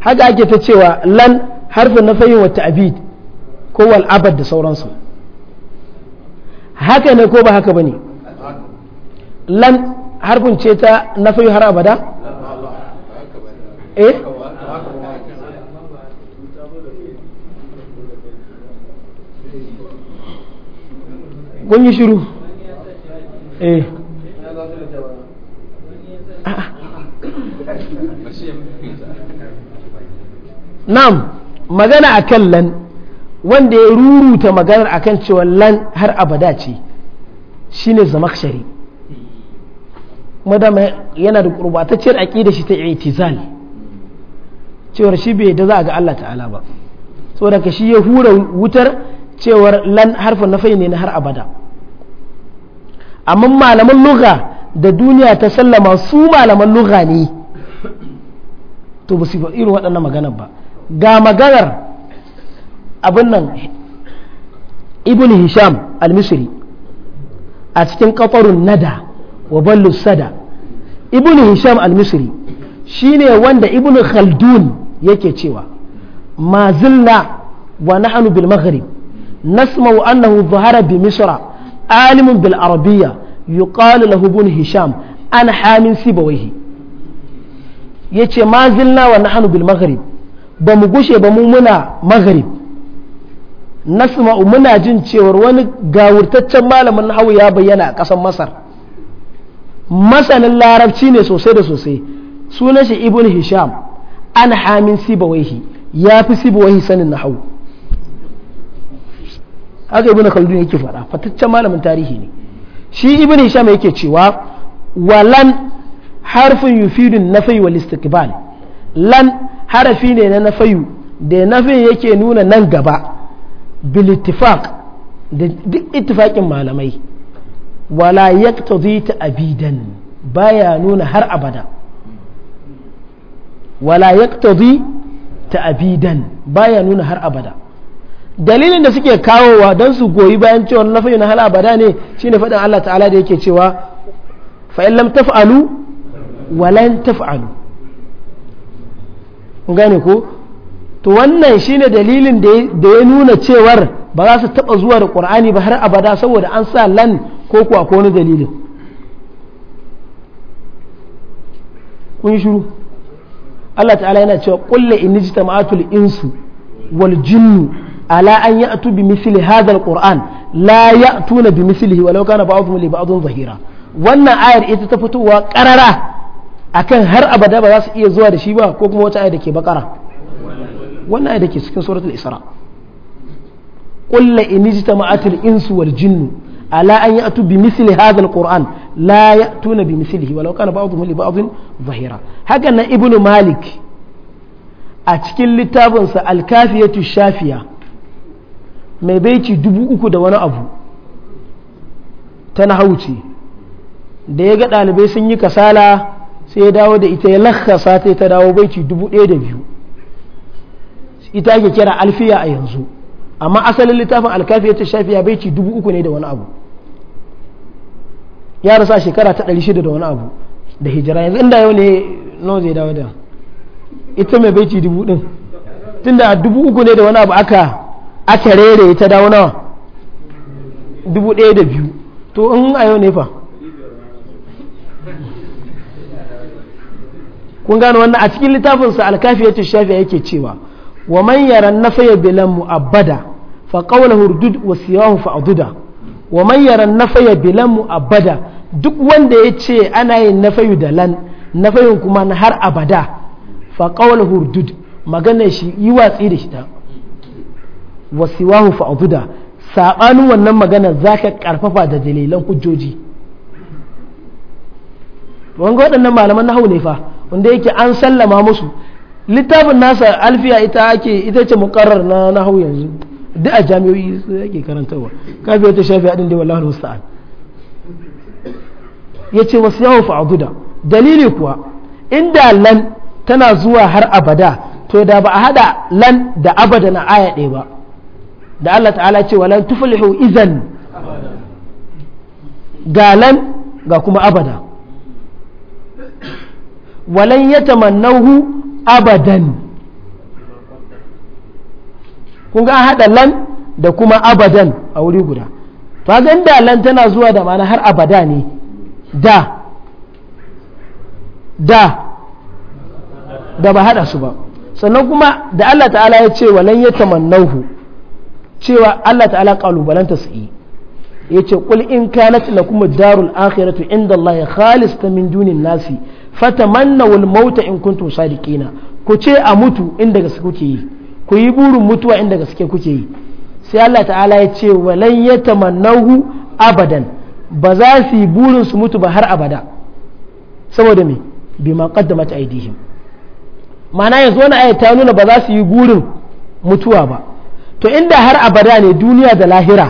haka ake ta cewa lan harfin na fayin wata abid ko wal abad da sauransu haka ne ko ba haka ba ne lan harfin ce ta na fayi har abada eh kun yi shiru eh nam magana a kan lan wanda ya ruruta maganar a kan cewa lan har abada ce shi ne zama shari madama yana da ƙurbatacciyar aƙida shi ta itizal cewar shi bai da za ga Allah ta'ala ba saboda daga shi ya hura wutar cewar lan harfin na fai ne na har abada amma malaman luka da duniya ta sallama su malaman lugha ne to ba su irin waɗannan maganar ba ga maganar abin nan ibn hisham al-misri a cikin kafarun nada wa ballu sada ibn hisham al-misri shine wanda ibn khaldun yake cewa ma zilla wa nahnu bil maghrib nasma'u annahu dhahara bi misra alimun bil arabiyya yuqalu lahu bun hisham an hamin sibawaihi yace ma zilna wa nahnu bil maghrib ba mu gushe ba mu muna maghrib nasma'u muna jin cewar wani gawurtaccen malamin Hau ya bayyana a ƙasar masar masanin larabci ne sosai da sosai sunan shi ibn hisham an hamin sibawaihi ya fi sibawaihi sanin nahawu haka ibn khaldun yake faɗa fataccen malamin tarihi ne shi ibn hisham yake cewa walan harfin yufidun nafai wal istiqbal lan harafi ne na nafayu da nafin yake nuna nan gaba bil ittifaq da duk ittifaqin malamai wala yaqtadi ta baya nuna har abada wala yaqtadi ta abidan baya nuna har abada dalilin da suke kawowa don su goyi bayan cewa na fayyana hala abada ne shine faɗin Allah ta'ala da yake cewa fa'in lam taf'alu walan taf'alu kun gane ko to wannan shine dalilin da ya nuna cewar ba za su taɓa zuwa da ƙur'ani ba har abada saboda an sa lan ko kuwa ko wani dalilin kun yi shiru Allah ta'ala yana cewa ƙulla in insu wal jinnu ala an ya'tu bi misli hadha alquran la ya'tuna bi mislihi walau kana ba'dhum li ba'dhin zahira wannan ayar ita ta fitowa karara akan har abada ba za su iya zuwa da shi ba ko kuma wata ayar da ke bakara wannan ayar da ke cikin suratul isra qul la in ijtama'atil insu wal jinnu ala an ya'tu bi misli hadha alquran zahira ibnu malik a cikin littafinsa alkafiyatu shafiya mai baiki dubu uku da wani abu ta na hauce da ya ga ɗalibai sun yi kasala sai ya dawo da ita ya lakasa ta ta dawo baiki dubu ɗaya da biyu ita ake kira alfiya a yanzu amma asalin littafin ya ta shafiya baiki dubu uku ne da wani abu ya rasa shekara ta ɗari shida da wani abu da hijira yanzu inda yau ne nawa zai dawo da ita mai baiki dubu ɗin tunda dubu uku ne da wani abu aka aka rere ta dawo nawa dubu ɗaya da biyu to in a yau ne fa kun gano wannan a cikin littafinsa alkafiyatu shafi yake cewa wa man yara faya bilan abada fa kawala hurdud wa siwahu fa aduda wa man yara nafaya bilan mu abada duk wanda ya ce ana yin na fayu da lan na nafayin kuma na har abada fa kawala hurdud magana shi yi watsi da shi ta wasiwahu fa'duda saɓanin wannan magana zaka karfafa da dalilan hujjoji wanga waɗannan malaman nahawu ne fa wanda yake an sallama musu littafin nasa alfiya ita ake ita ce muqarrar na nahawu yanzu duk a jami'o'i su yake karantarwa kafi wata shafi hadin da wallahi musta'an yace wasiyahu fa'aduda dalili kuwa inda lan tana zuwa har abada to da ba a hada lan da abada na aya ɗaya ba da Allah ta'ala ce walan tuflihu izan galan ga kuma abada walan yatamannahu abadan kun ga hada lan da kuma abadan a wuri guda to da lan tana zuwa da ma'ana har abada ne da da da ba hada su ba sannan kuma da Allah ta'ala ya ce walan yatamannahu cewa Allah ta'ala kalubalanta su yi yace qul in kanat lakum ad-darul akhiratu inda Allah khalisatan min dunin nasi fatamannaw al-maut in kuntum sadiqina ku ce a mutu inda gaske kuke yi ku yi burin mutuwa inda gaske kuke yi sai Allah ta'ala ya ce walan yatamannahu abadan ba za su yi burin su mutu ba har abada saboda me bima qaddamat aydihim ma'ana yanzu wani ayat ta nuna ba za su yi burin mutuwa ba to inda har abada ne duniya da lahira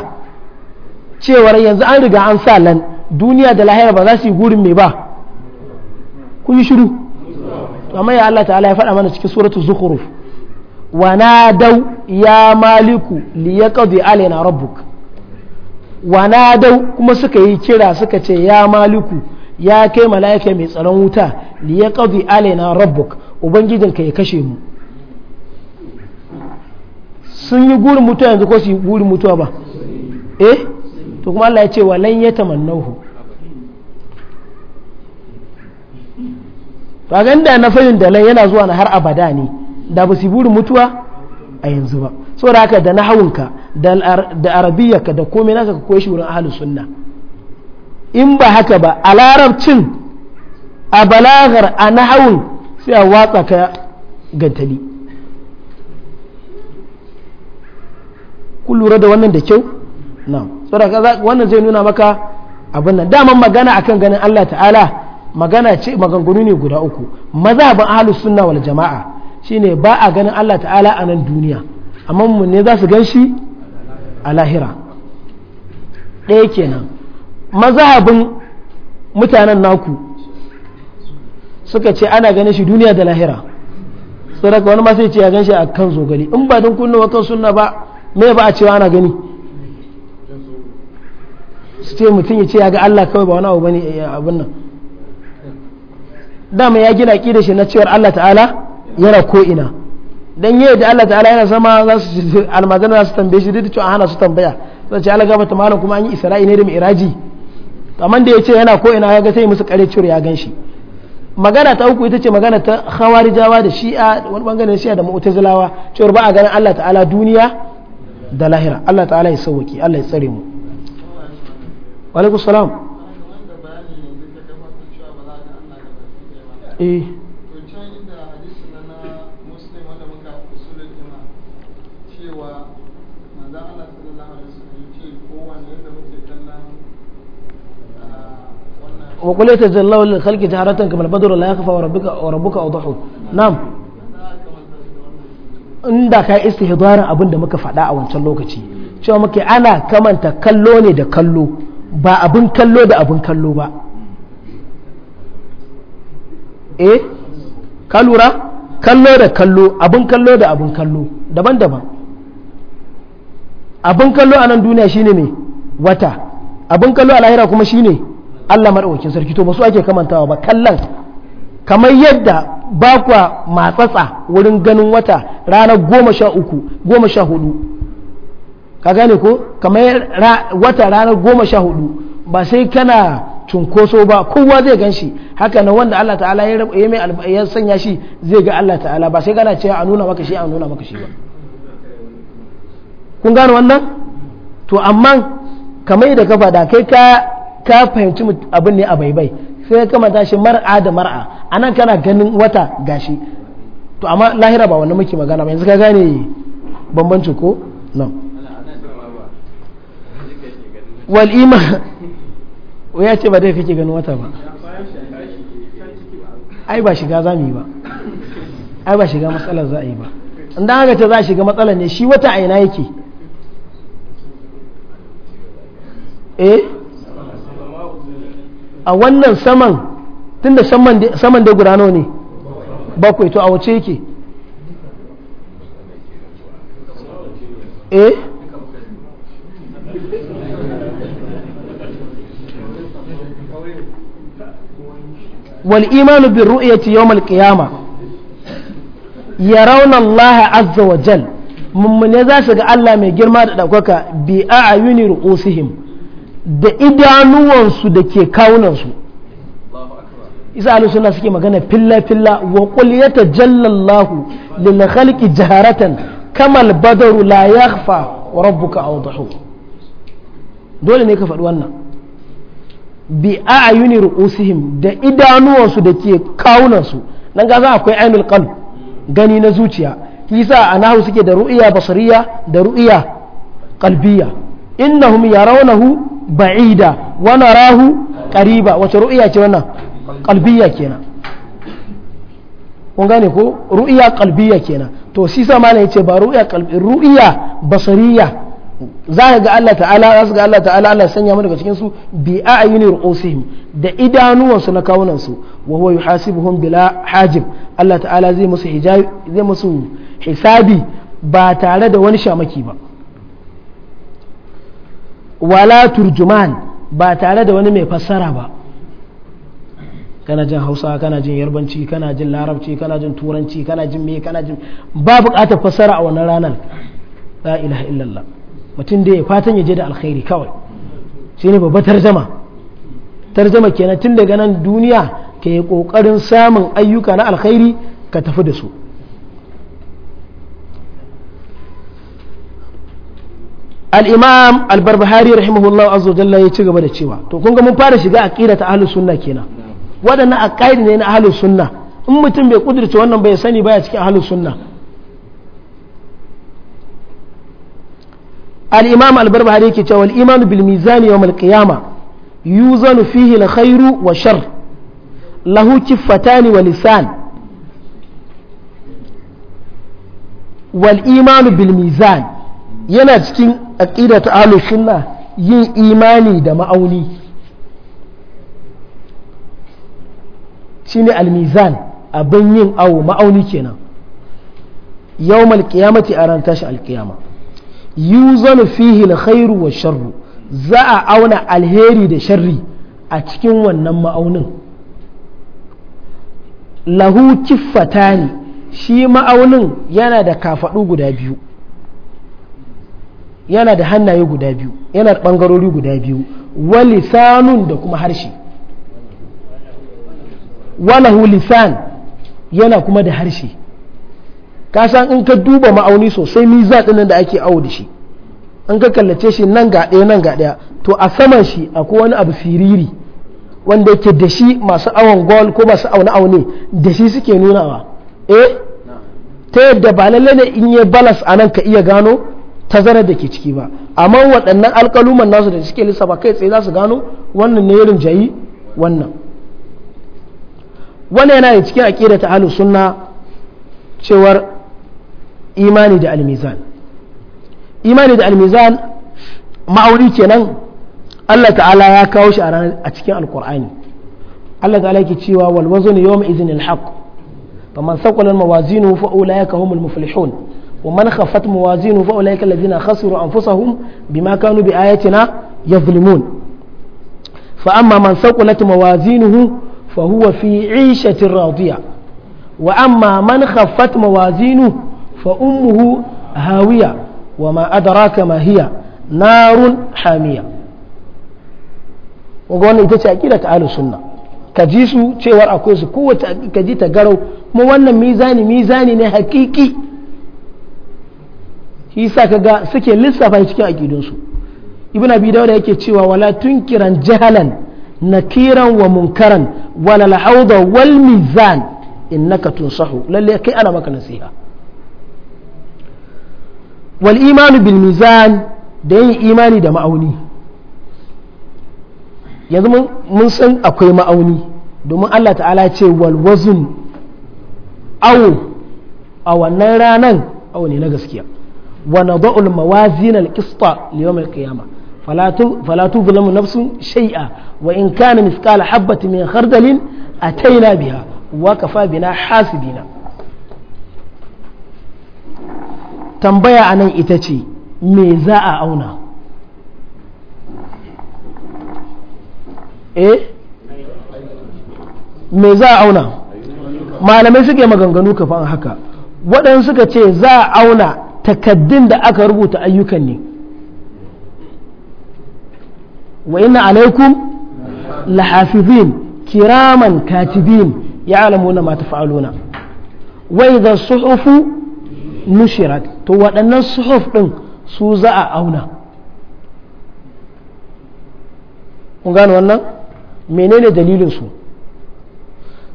cewar yanzu an riga an sa lan duniya da lahira ba za su yi gurin mai ba kun yi shiru amma ya Allah ta'ala ya faɗa mana cikin suratul zukhruf wa nadau ya maliku li yaqdi alaina rabbuk wa nadau kuma suka yi kira suka ce ya maliku ya kai mala'ika mai tsaron wuta li yaqdi alaina rabbuk ubangijinka ya kashe mu sun yi gurin mutuwa yanzu ko su yi gurin mutuwa ba eh to kuma Allah ya ce walan ya tamannahu to ga inda na fahim da lan yana zuwa na har abada ne da ba su burin mutuwa a yanzu ba saboda haka da nahawunka da arabiyyarka da komai naka ka koyi shi wurin ahlus sunna in ba haka ba a larabcin a balagar a nahawun sai a watsa ka gantali Ku lura da wannan da kyau na saboda wannan zai nuna maka abin nan daman magana akan ganin Allah ta'ala magana ce maganganu ne guda uku maza ban ahlus sunna wal jama'a shine ba a ganin Allah ta'ala a nan duniya amma mu ne za su gan a lahira ɗaya kenan mazhabin mutanen naku suka ce ana ganin shi duniya da lahira saboda wani ma sai ce ya gan shi a kan zogale in ba don kunnawa kan sunna ba me ba a cewa ana gani su ce mutum ya ce ya ga Allah kawai ba wani abu bane eh, abin nan dama ya gina da shi na cewar Allah ta'ala yana ko ina dan yayi da Allah ta'ala yana sama za su almazana za su tambaye shi duk da cewa hana su tambaya sai ce Allah gaba ta malam kuma an yi Isra'i ne da iraji amma da ya ce yana ko ina ya ga sai musu kare cewar ya gan shi magana ta uku ita ce magana ta khawarijawa da shi'a wani bangaren shi'a da mu'tazilawa cewar ba a ganin Allah ta'ala duniya da lahira Allah ta'ala ya sauwaki Allah ya tsare mu wa alaikum salam eh وقل يتجلى للخلق تارة كما البدر لا يخفى وربك وربك أوضحه نعم inda ka istihdarin abin da muka faɗa a wancan lokaci cewa muke ana kamanta kallo ne da kallo ba abin kallo da abin kallo ba eh ka lura kallo da kallo abin kallo da abin kallo daban-daban abin kallo a nan duniya shine ne wata abin kallo a lahira kuma shine Allah maɗaukakin sarki to ba su ake kamantawa ba kallon kamar yadda bakwa matsatsa wurin ganin wata ranar goma sha uku goma sha hudu ka gane ko kamar wata ranar goma sha hudu ba sai kana cunkoso ba kowa zai gan shi haka na wanda Allah ta'ala ya mai ya sanya shi zai ga Allah ta'ala ba sai gana cewa a nuna maka shi a nuna maka shi ba kun gane wannan to amma kamar da ka faɗa kai ka fahimci abin ne a baibai sai ya kama tashi mar'a da mar'a anan kana ganin wata gashi to amma lahira ba wanda muke magana ba yanzu ka gane bambancin ko nan wal iman ya ce ba dai kake ganin wata ba ai ba shiga za mu yi ba ai ba shiga matsalar za a yi ba da haka ce za a shiga matsalar ne shi wata aina yake eh a wannan saman tunda saman da gudano ne bakwai to a wace yake eh wal imanu bi ru'yati yawm al qiyama yarawna Allah azza wa jal mun ne za su ga Allah mai girma da daukaka bi a'yuni ru'usihim da idanuwansu da ke kawunansu isa ahlus na suke magana filla filla wa qul yatajallallahu lil khalqi jaharatan kamal badaru la yakhfa wa rabbuka awdahu dole ne ka faɗi wannan bi a'yuni ru'usihim da idanuwansu da ke kawunansu nan ga za akwai ainul qalb gani na zuciya a nahu suke da ru'iya basariya da ru'iya qalbiyya innahum yarawnahu ba'ida wa narahu qariba wace ru'ya ce wannan qalbiyya kenan kun gane ko ru'ya qalbiyya kenan to shi sa malai yace ba ru'ya qalbi ru'ya basariyya za ka ga Allah ta'ala za ga Allah ta'ala Allah ya sanya mu daga cikin su bi a'yuni ru'usihim da idanuwansu na kawunan su wa huwa yuhasibuhum bila hajib Allah ta'ala zai musu hijabi zai musu hisabi ba tare da wani shamaki ba wala turjuman ba tare da wani mai fassara ba kana jin hausa kana jin yarbanci kana jin larabci kana jin turanci kana jin me kana jin ba buƙatar fassara a wannan ranar la ilaha illallah mutum da ya fatan ya je da alkhairi kawai shine babbar tarjama tarjama kenan tun daga nan duniya ka yi ƙoƙarin samun ayyuka na alkhairi ka tafi da su al-imam al-barbahari rahimahullah azza jalla ya ci gaba da cewa to kun ga mun fara shiga aqida ta ahlus sunna kenan waɗannan aqaidi ne na ahlus sunna in mutum bai kudirce wannan bai sani baya cikin ahlus sunna al-imam al cewa al-iman bil mizan yawm al yuzanu fihi khairu wa shar lahu kifatani wa lisan wal imanu bil mizan yana cikin aqida ta ahlus sunna yin imani da ma'auni shine almizan abin yin awo ma'auni kenan yawmal qiyamati a ran tashi alqiyama yuzanu fihi alkhairu wa sharru za a auna alheri da sharri a cikin wannan ma'aunin lahu ne shi ma'aunin yana da kafaɗu guda biyu yana da hannaye guda biyu yana da ɓangarori guda biyu walisanun da kuma harshe walahu lisan yana kuma da harshe kasan in ka duba ma'auni sosai miza ɗinan da ake awo da shi in ka kallace shi nan ga ɗaya nan ga ɗaya to a saman shi akwai wani abu siriri wanda yake da shi masu awon gol ko masu aune aune da shi suke nunawa eh ta yadda ba lalle ne in yi balas a nan ka iya gano tazarar da ke ciki ba amma waɗannan alƙaluman nasu da suke lissafa kai tsaye za su gano wannan ne yarin jayi wannan wannan yana da cikin aƙida ta ahlus sunna cewar imani da almizan imani da almizan ma'auri kenan Allah ta'ala ya kawo shi a cikin alƙur'ani Allah ta'ala ke cewa wal wazn yawma idhin al haqq faman thaqala al mawazinuhu fa ulaika humul muflihun ومن خفت موازينه فأولئك الذين خسروا أنفسهم بما كانوا بآياتنا يظلمون فأما من ثقلت موازينه فهو في عيشة راضية وأما من خفت موازينه فأمه هاوية وما أدراك ما هي نار حامية وقالنا إذا تأكيدة أهل السنة كجيسو تشوار أكوز قوة كجيتا قرو موانا ميزاني ميزاني نحقيقي shi yasa kaga suke lissafa cikin aqidunsu ibn abi dawud yake cewa wala tunkiran jahalan nakiran wa munkaran wala al'auda wal mizan innaka tunsahu lalle kai ana maka nasiha wal imanu bil mizan da yin imani da ma'auni yanzu mun san akwai ma'auni domin Allah ta'ala ce wal wazn awo a wannan ranan awo ne na gaskiya wa nada'ul mawazin al-qista li فلا تظلم نفس شيئا وإن كان مثقال حبة من خردل أتينا بها وكفى بنا حاسبين tambaya a ita ce me za a auna eh me za malamai suke maganganu kafan haka waɗansu suka ce za a auna takaddun da aka rubuta ayyukan ne wa ina alaikum lahafizin kiraman katibin ya'lamuna ma tafa'aluna wa idha suhufu nushirat to waɗannan suhuf din su za a auna kun wannan menene dalilin su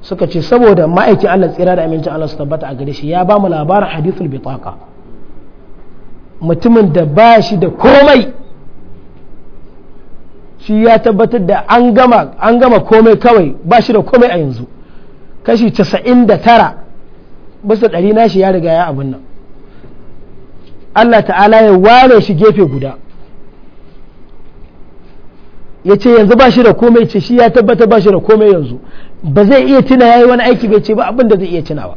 suka ce saboda ma'aikin Allah tsira da amincin Allah su tabbata a gare shi ya ba mu labarin hadithul bitaka. mutumin da ba shi da komai shi ya tabbatar da an gama komai kawai ba shi da komai a yanzu kashi 99 bisa ɗari nashi ya riga ya abin nan Allah ta'ala ya ware shi gefe guda ya ce yanzu ba shi da komai ce shi ya tabbatar ba shi da komai yanzu ba zai iya tuna ya yi wani aiki bai ce ba abin da zai iya tunawa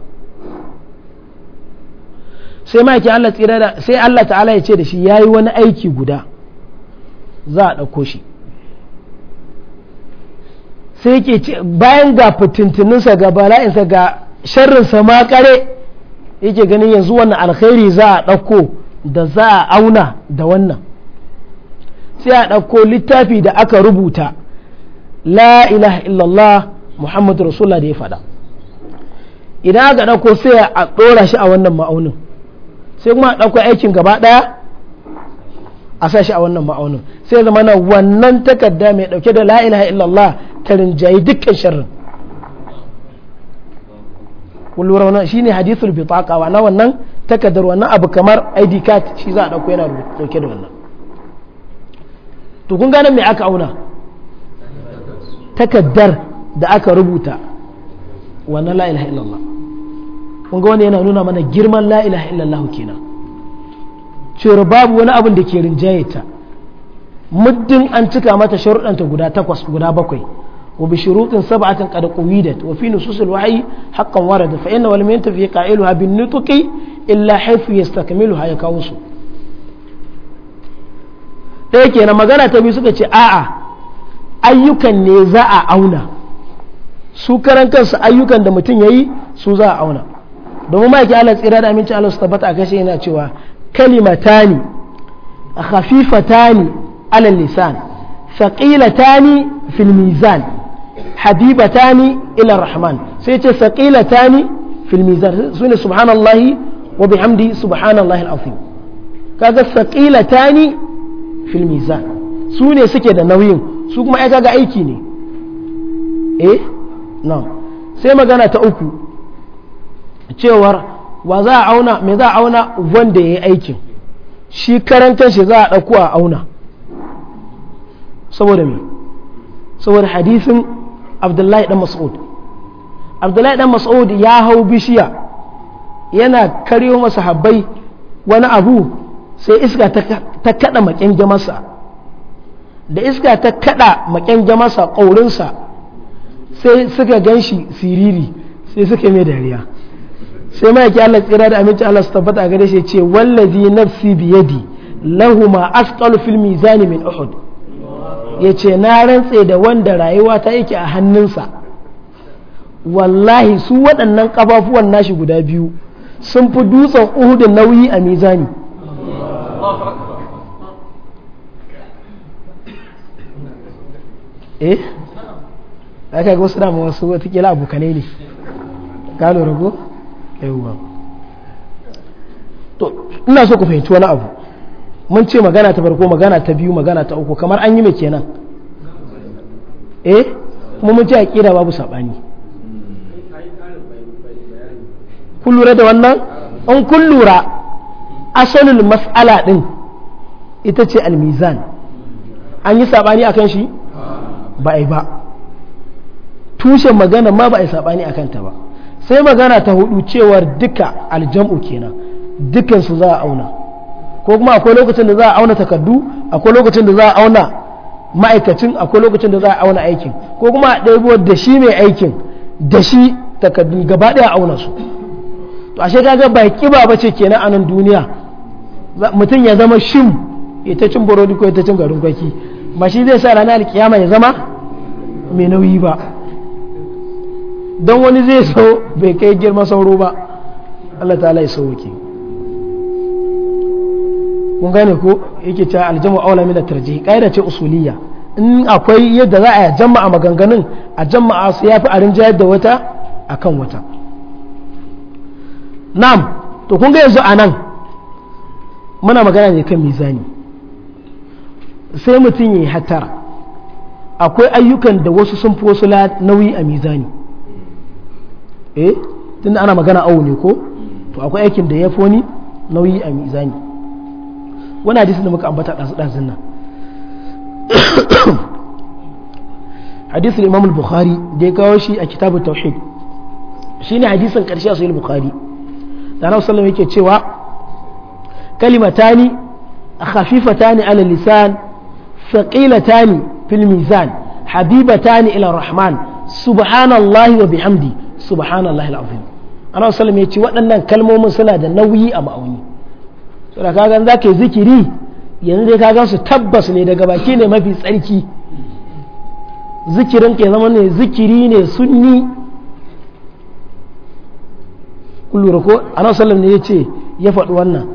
sai ma yake Allah tsira da sai Allah ta'ala ya ce da shi yayi wani aiki guda za a ɗauko shi sai yake bayan ga fitintininsa ga bala'insa ga sharrinsa ma kare yake ganin yanzu wannan alkhairi za a ɗauko da za a auna da wannan sai a ɗauko littafi da aka rubuta la ilaha illallah muhammadu rasulullah da ya faɗa idan aka ɗauko sai a ɗora shi a wannan ma'aunin sai kuma a ɗauko aikin gaba ɗaya a sa shi a wannan ma'aunin sai zama na wannan takarda mai ɗauke da la'ilaha illallah ta rinjaye dukkan sharrin kullura wannan ne hadithul bitaqa wa na wannan takardar wannan abu kamar ID card shi za a ɗauko yana ɗauke da wannan to kun gane me aka auna takardar da aka rubuta wannan la'ilaha illallah kun ga wanda yana nuna mana girman la ilaha illallah kenan cewar babu wani abin da ke rinjaye ta muddin an cika mata sharuɗanta guda takwas guda bakwai wa bi shurutin sab'atin qad quwidat wa fi nususil wahyi haqqan warada fa inna wal minta fi qa'iluha bin nutqi illa haythu yastakmiluha ya kawo su ɗaya kenan magana ta biyu suka ce a'a ayyukan ne za a auna su karan kansu ayyukan da mutum ya yi su za a auna domin ma'aiki Allah tsira da aminci Allah su tabbata a kashe yana cewa kalimatani khafifatani alal lisan thaqilatani fil mizan habibatani ila rahman sai ce thaqilatani fil mizan sune subhanallahi wa bihamdi subhanallahi al-azim kaga thaqilatani fil mizan su ne suke da nauyin su kuma ai kaga aiki ne eh na sai magana ta uku cewar wa za a auna me za a auna wanda ya yi aikin shi karantar shi za a ɗauko a auna saboda me saboda hadisin abdullahi dan mas'ud abdullahi dan mas'ud ya hau bishiya yana karyo masa habai wani abu sai iska ta kada makin jamasa da iska ta kada makin jamasa ƙaurinsa sai suka gan shi siriri sai suka mai dariya sai ma yake Allah tsira da aminci Allah su tabbata a gare shi ce wallazi nafsi biyadi lahu ma fil mizani min uhud yace na rantse da wanda rayuwa ta yake a hannunsa wallahi su waɗannan kafafuwan nashi guda biyu sun fi dutsen uhud nauyi a mizani eh aka ga wasu dama wasu abokanai ne ka lura ina so ku fahimci wani abu mun ce magana ta farko magana ta biyu magana ta uku kamar an yi mai kenan eh kuma mun ce a kira babu sabani kun lura da wannan an kun lura asalin mas'ala din ita ce almizan an yi sabani akan shi ba a yi ba tushen magana ma ba a yi sabani akan ta ba sai magana ta hudu cewar duka aljam'u kenan dukansu za a auna ko kuma akwai lokacin da za a auna takardu akwai lokacin da za a auna ma'aikacin akwai lokacin da za a auna aikin ko kuma a da shi mai aikin da shi takardu gaba ɗaya auna su to ashe kaga ba kiba ba ce kenan anan duniya mutum ya zama shim ya ta cin burodi ko ya ta cin garin kwaki ba shi zai sa ranar alkiyama ya zama mai nauyi ba don wani zai so bai kai girma sauro ba Allah ta'ala ya ke. kun gane ko yake ta aljamu aula min tarji kaida ce usuliyya in akwai yadda za a a maganganun a jama'a su yafi a rinjayar da wata akan wata Nam to kun ga yanzu anan muna magana ne kan mizani sai mutum ya yi hatara akwai ayyukan da wasu sun fi wasu nauyi a mizani eh tunda ana magana awo ne ko to akwai aikin da ya foni nauyi a mizani wani hadisi da muka ambata ɗazu ɗazun nan hadisin imam al-bukhari da ya kawo shi a kitabun tauhid shine hadisin karshe a al bukhari da Annabi sallallahu yake cewa kalimatani tani ala lisan thaqilatani fil mizan habibatani ila rahman subhanallahi wa bihamdi subhanallahi alazim ana wasallam ya ce waɗannan kalmomin suna da nauyi a ma'auni da kagan za ka yi zikiri yanzu dai kagan su tabbas ne daga baki ne mafi tsarki zikirin ke zama ne zikiri ne sunni kullura ko ana wasallam ne ya ce ya faɗi wannan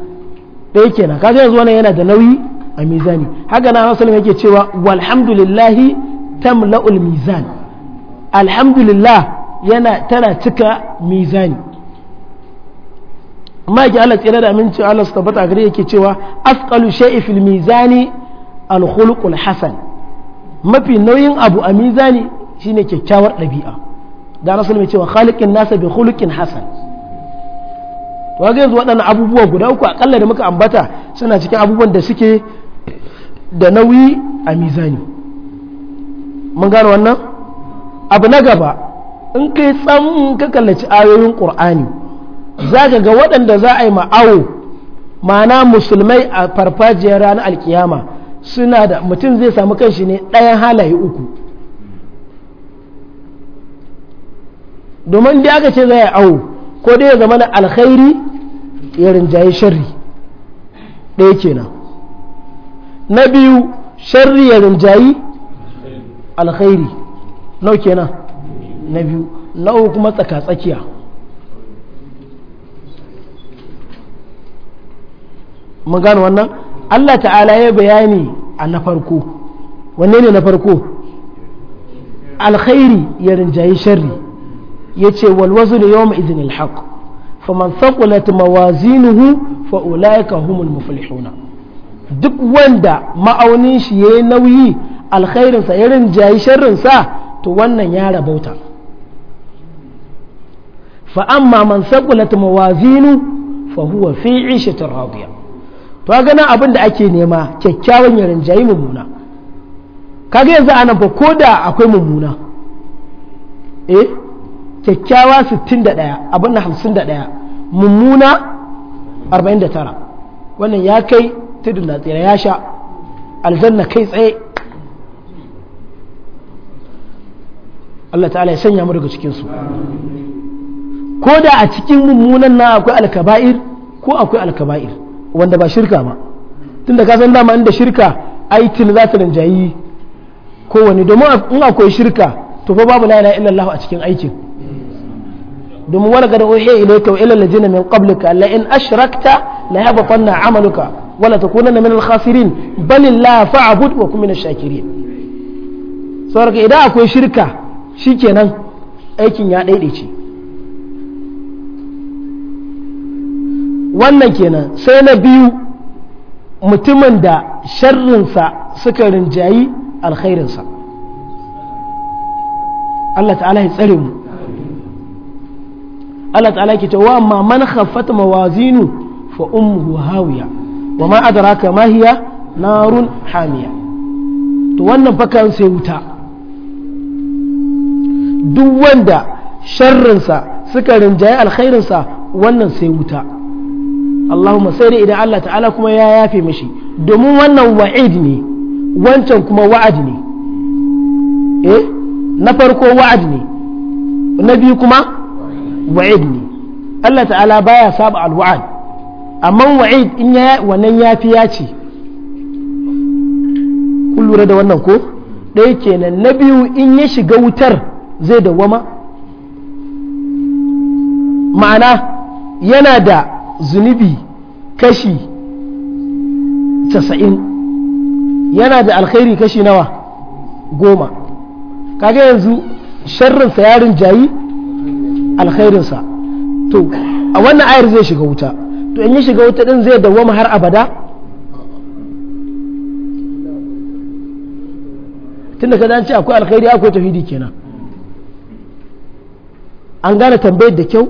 ɗaya kenan kaga yanzu wannan yana da nauyi a mizani haka na ana sallam yake cewa walhamdulillahi tamla'ul mizan alhamdulillah yana tana cika mizani amma yake Allah tsira da aminci Allah su tabbata gare yake cewa asqalu shay'i fil mizani al khuluqul hasan mafi nauyin abu a mizani shine kyakkyawar ɗabi'a da rasul mai cewa khaliqin nasa bi khuluqin hasan to ga yanzu waɗannan abubuwa guda uku akalla da muka ambata suna cikin abubuwan da suke da nauyi a mizani mun gano wannan abu na gaba in kai tsam ka kallaci ayoyin ƙur'ani za ka ga waɗanda za a yi ma'awo ma'ana musulmai a farfajiyar rana alkiyama suna da mutum zai samu kanshi ne ɗayan halaye uku domin da aka ce za a yi awo ko dai ya zama na alkhairi ya rinjaye shari ɗaya kenan na biyu shari ya rinjaye alkhairi nau kenan na biyu na uku kuma tsaka tsakiya mun gano wannan Allah ta'ala ya bayani a na farko wanne ne na farko alkhairi ya rinjayi sharri ya ce walwazu da yawon izinin haƙ faman saƙulat mawazinuhu fa'ula'ika humul muflihuna duk wanda ma'aunin shi ya yi nauyi alkhairinsa ya rinjayi sharrinsa to wannan ya rabauta fa amma man saqulat mawazinu fa huwa fi 'ishatin radiya to ga nan abin da ake nema kyakkyawan ya rinjayi mummuna kaga yanzu anan fa koda akwai mummuna eh kyakkyawa 61 abin da 51 mummuna 49 wannan ya kai tudun da ya sha aljanna kai tsaye Allah ta'ala ya sanya mu daga cikinsu. ko da a cikin mummunan na akwai alkaba'ir ko akwai alkaba'ir wanda ba shirka ba tunda ka san dama inda shirka aitil za ta rinjayi kowane domin in akwai shirka to fa babu la illa illallah a cikin aikin domin wani kada uhiya ilayka wa ila alladhina min qablika la in ashrakta la yahbatanna amaluka wala takunanna min al-khasirin bal la fa'bud wa kun min ash-shakirin saboda idan akwai shirka shikenan aikin ya daidaice wannan kenan sai na biyu mutumin da sharrinsa suka rinjayi alkhairinsa Allah ta'ala ya tsare mu Allah ta'ala ke cewa amma man khaffat mawazinu fa ummuhu hawiya wa ma adraka ma hiya narun hamiya to wannan fa kan sai wuta duk wanda sharrinsa suka rinjaye alkhairinsa wannan sai wuta Allahumma sai dai idan Allah ta'ala kuma ya yafe mishi domin wannan wa'id ne wancan kuma wa'ad ne eh na farko wa'ad ne na biyu kuma wa'id ne Allah ta'ala baya saba al amma wa'id in ya wannan yafiya ce kun lura da wannan ko ɗaya kenan na biyu in ya shiga wutar zai wama ma'ana yana da zunubi kashi casa'in yana da alkhairi kashi nawa goma kaga yanzu sharrinsa yarin jayi alkhairinsa to a wannan ayar zai shiga wuta to in ya shiga wuta din zai dawwama har abada tunda ka an ce akwai alkhairi akwai tafidi kenan an gane tambayar da kyau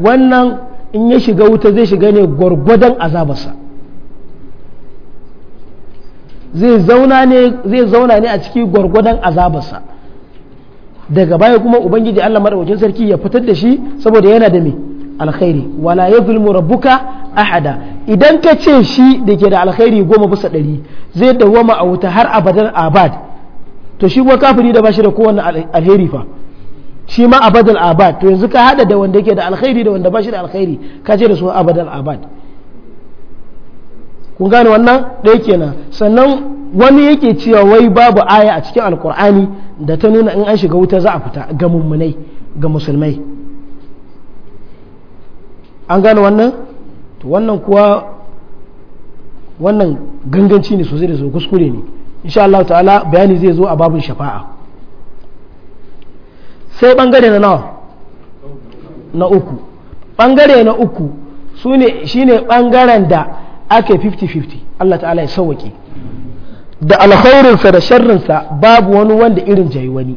wannan in ya shiga wuta zai shiga ne gwargwadon azabarsa zai zauna ne a ciki gwargwadon azabarsa daga baya kuma ubangiji Allah maraukin sarki ya fitar da shi saboda yana da me alkhairi wala ya yadhlimu rabbuka ahada idan ka ce shi da ke da alkhairi goma bisa ɗari zai dawoma a wuta har abadan abad to shi kuma kafiri da shi da kowane alheri fa shi ma abadal abad to yanzu ka hada da wanda yake da alkhairi da wanda ba shi da alkhairi ka ce da su abadal abad kun gane wannan ɗaya kenan sannan wani yake cewa wai babu aya a cikin alkur'ani da ta nuna in an shiga wuta za a fita ga mummunai ga musulmai an gane wannan to wannan kuwa wannan ganganci ne sosai da su kuskure ne insha Allah ta'ala bayani zai zo a babin shafa'a sai bangare na nawa na uku bangare na uku shi ne bangaren da ake 50-50 Allah ta'ala ya sauwaƙe da alkhairinsa da sharrinsa babu wani wanda irin jayi wani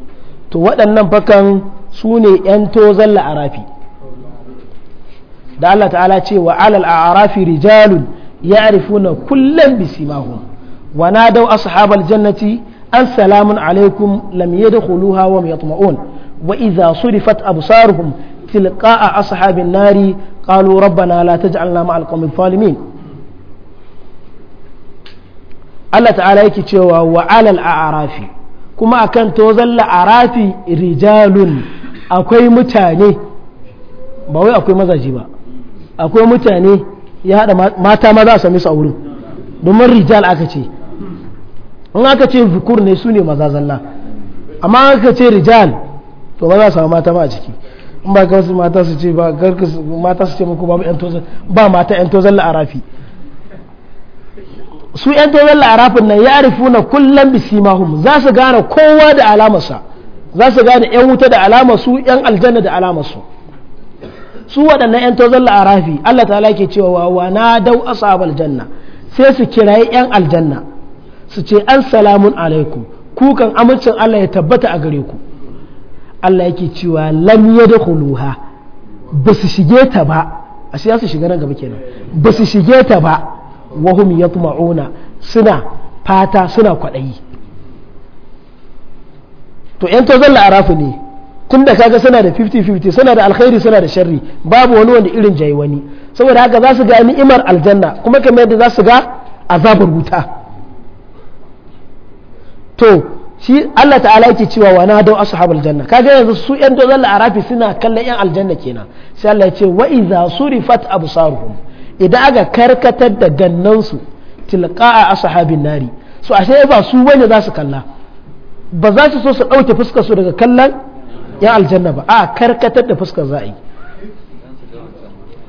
to waɗannan fakan su ne 'yan tozon la'arafi da Allah ta'ala ce wa alal a'arafi rijalun ya arifuna kullum bisimahum wa na dau ashabal jannati an salamun alaikum lam yadkhuluha wa yatma'un waiza. idza surifat absaruhum tilqa'a ashabin nari qalu rabbana la taj'alna ma'al qawmi zalimin cewa wa alal a'rafi kuma akan tozan rijalun akwai mutane ba wai ya haɗa mata maza su a wurin domin rijal aka ce in aka ce zukur ne su ne maza zalla amma aka ce rijal to ba za a samu mata ba a ciki in ba ka mata su ce ba mata su ce ba ba yan tozan ba mata yan tozan la'arafi su yan tozan la'arafin nan ya na kullum bisimahum za su gane kowa da alamarsa za su gane yan wuta da alamarsu yan aljanna da alamarsu su waɗannan yan tozan la'arafi Allah ta'ala ke cewa wa na dau ashabal janna sai su kirayi yan aljanna su ce an salamun alaikum kukan amincin Allah ya tabbata a gare ku Allah yake cewa lam yadkhuluha ba su shige ta ba a shi su shiga nan gaba kenan ba su shige ta ba wa hum yatma'una suna fata suna kwaɗayi. to yan tozon la'arafu ne tun da kaga suna da 50-50 suna da alkhairi suna da sharri babu wani wanda irin jayi wani saboda haka za su ga ni'imar aljanna kuma kamar yadda za su ga azabar wuta to shi Allah ta'ala yake cewa wa na dau ashabul janna kaga yanzu su yan dozal arafi suna kallon yan aljanna kenan sai Allah ya ce wa idza surifat absaruhum idan aka karkatar da gannan gannansu tilqa'a ashabin nari so ashe ba su wani za su kalla ba za su so su dauke fuskar su daga kallon yan aljanna ba a karkatar da fuskar za a yi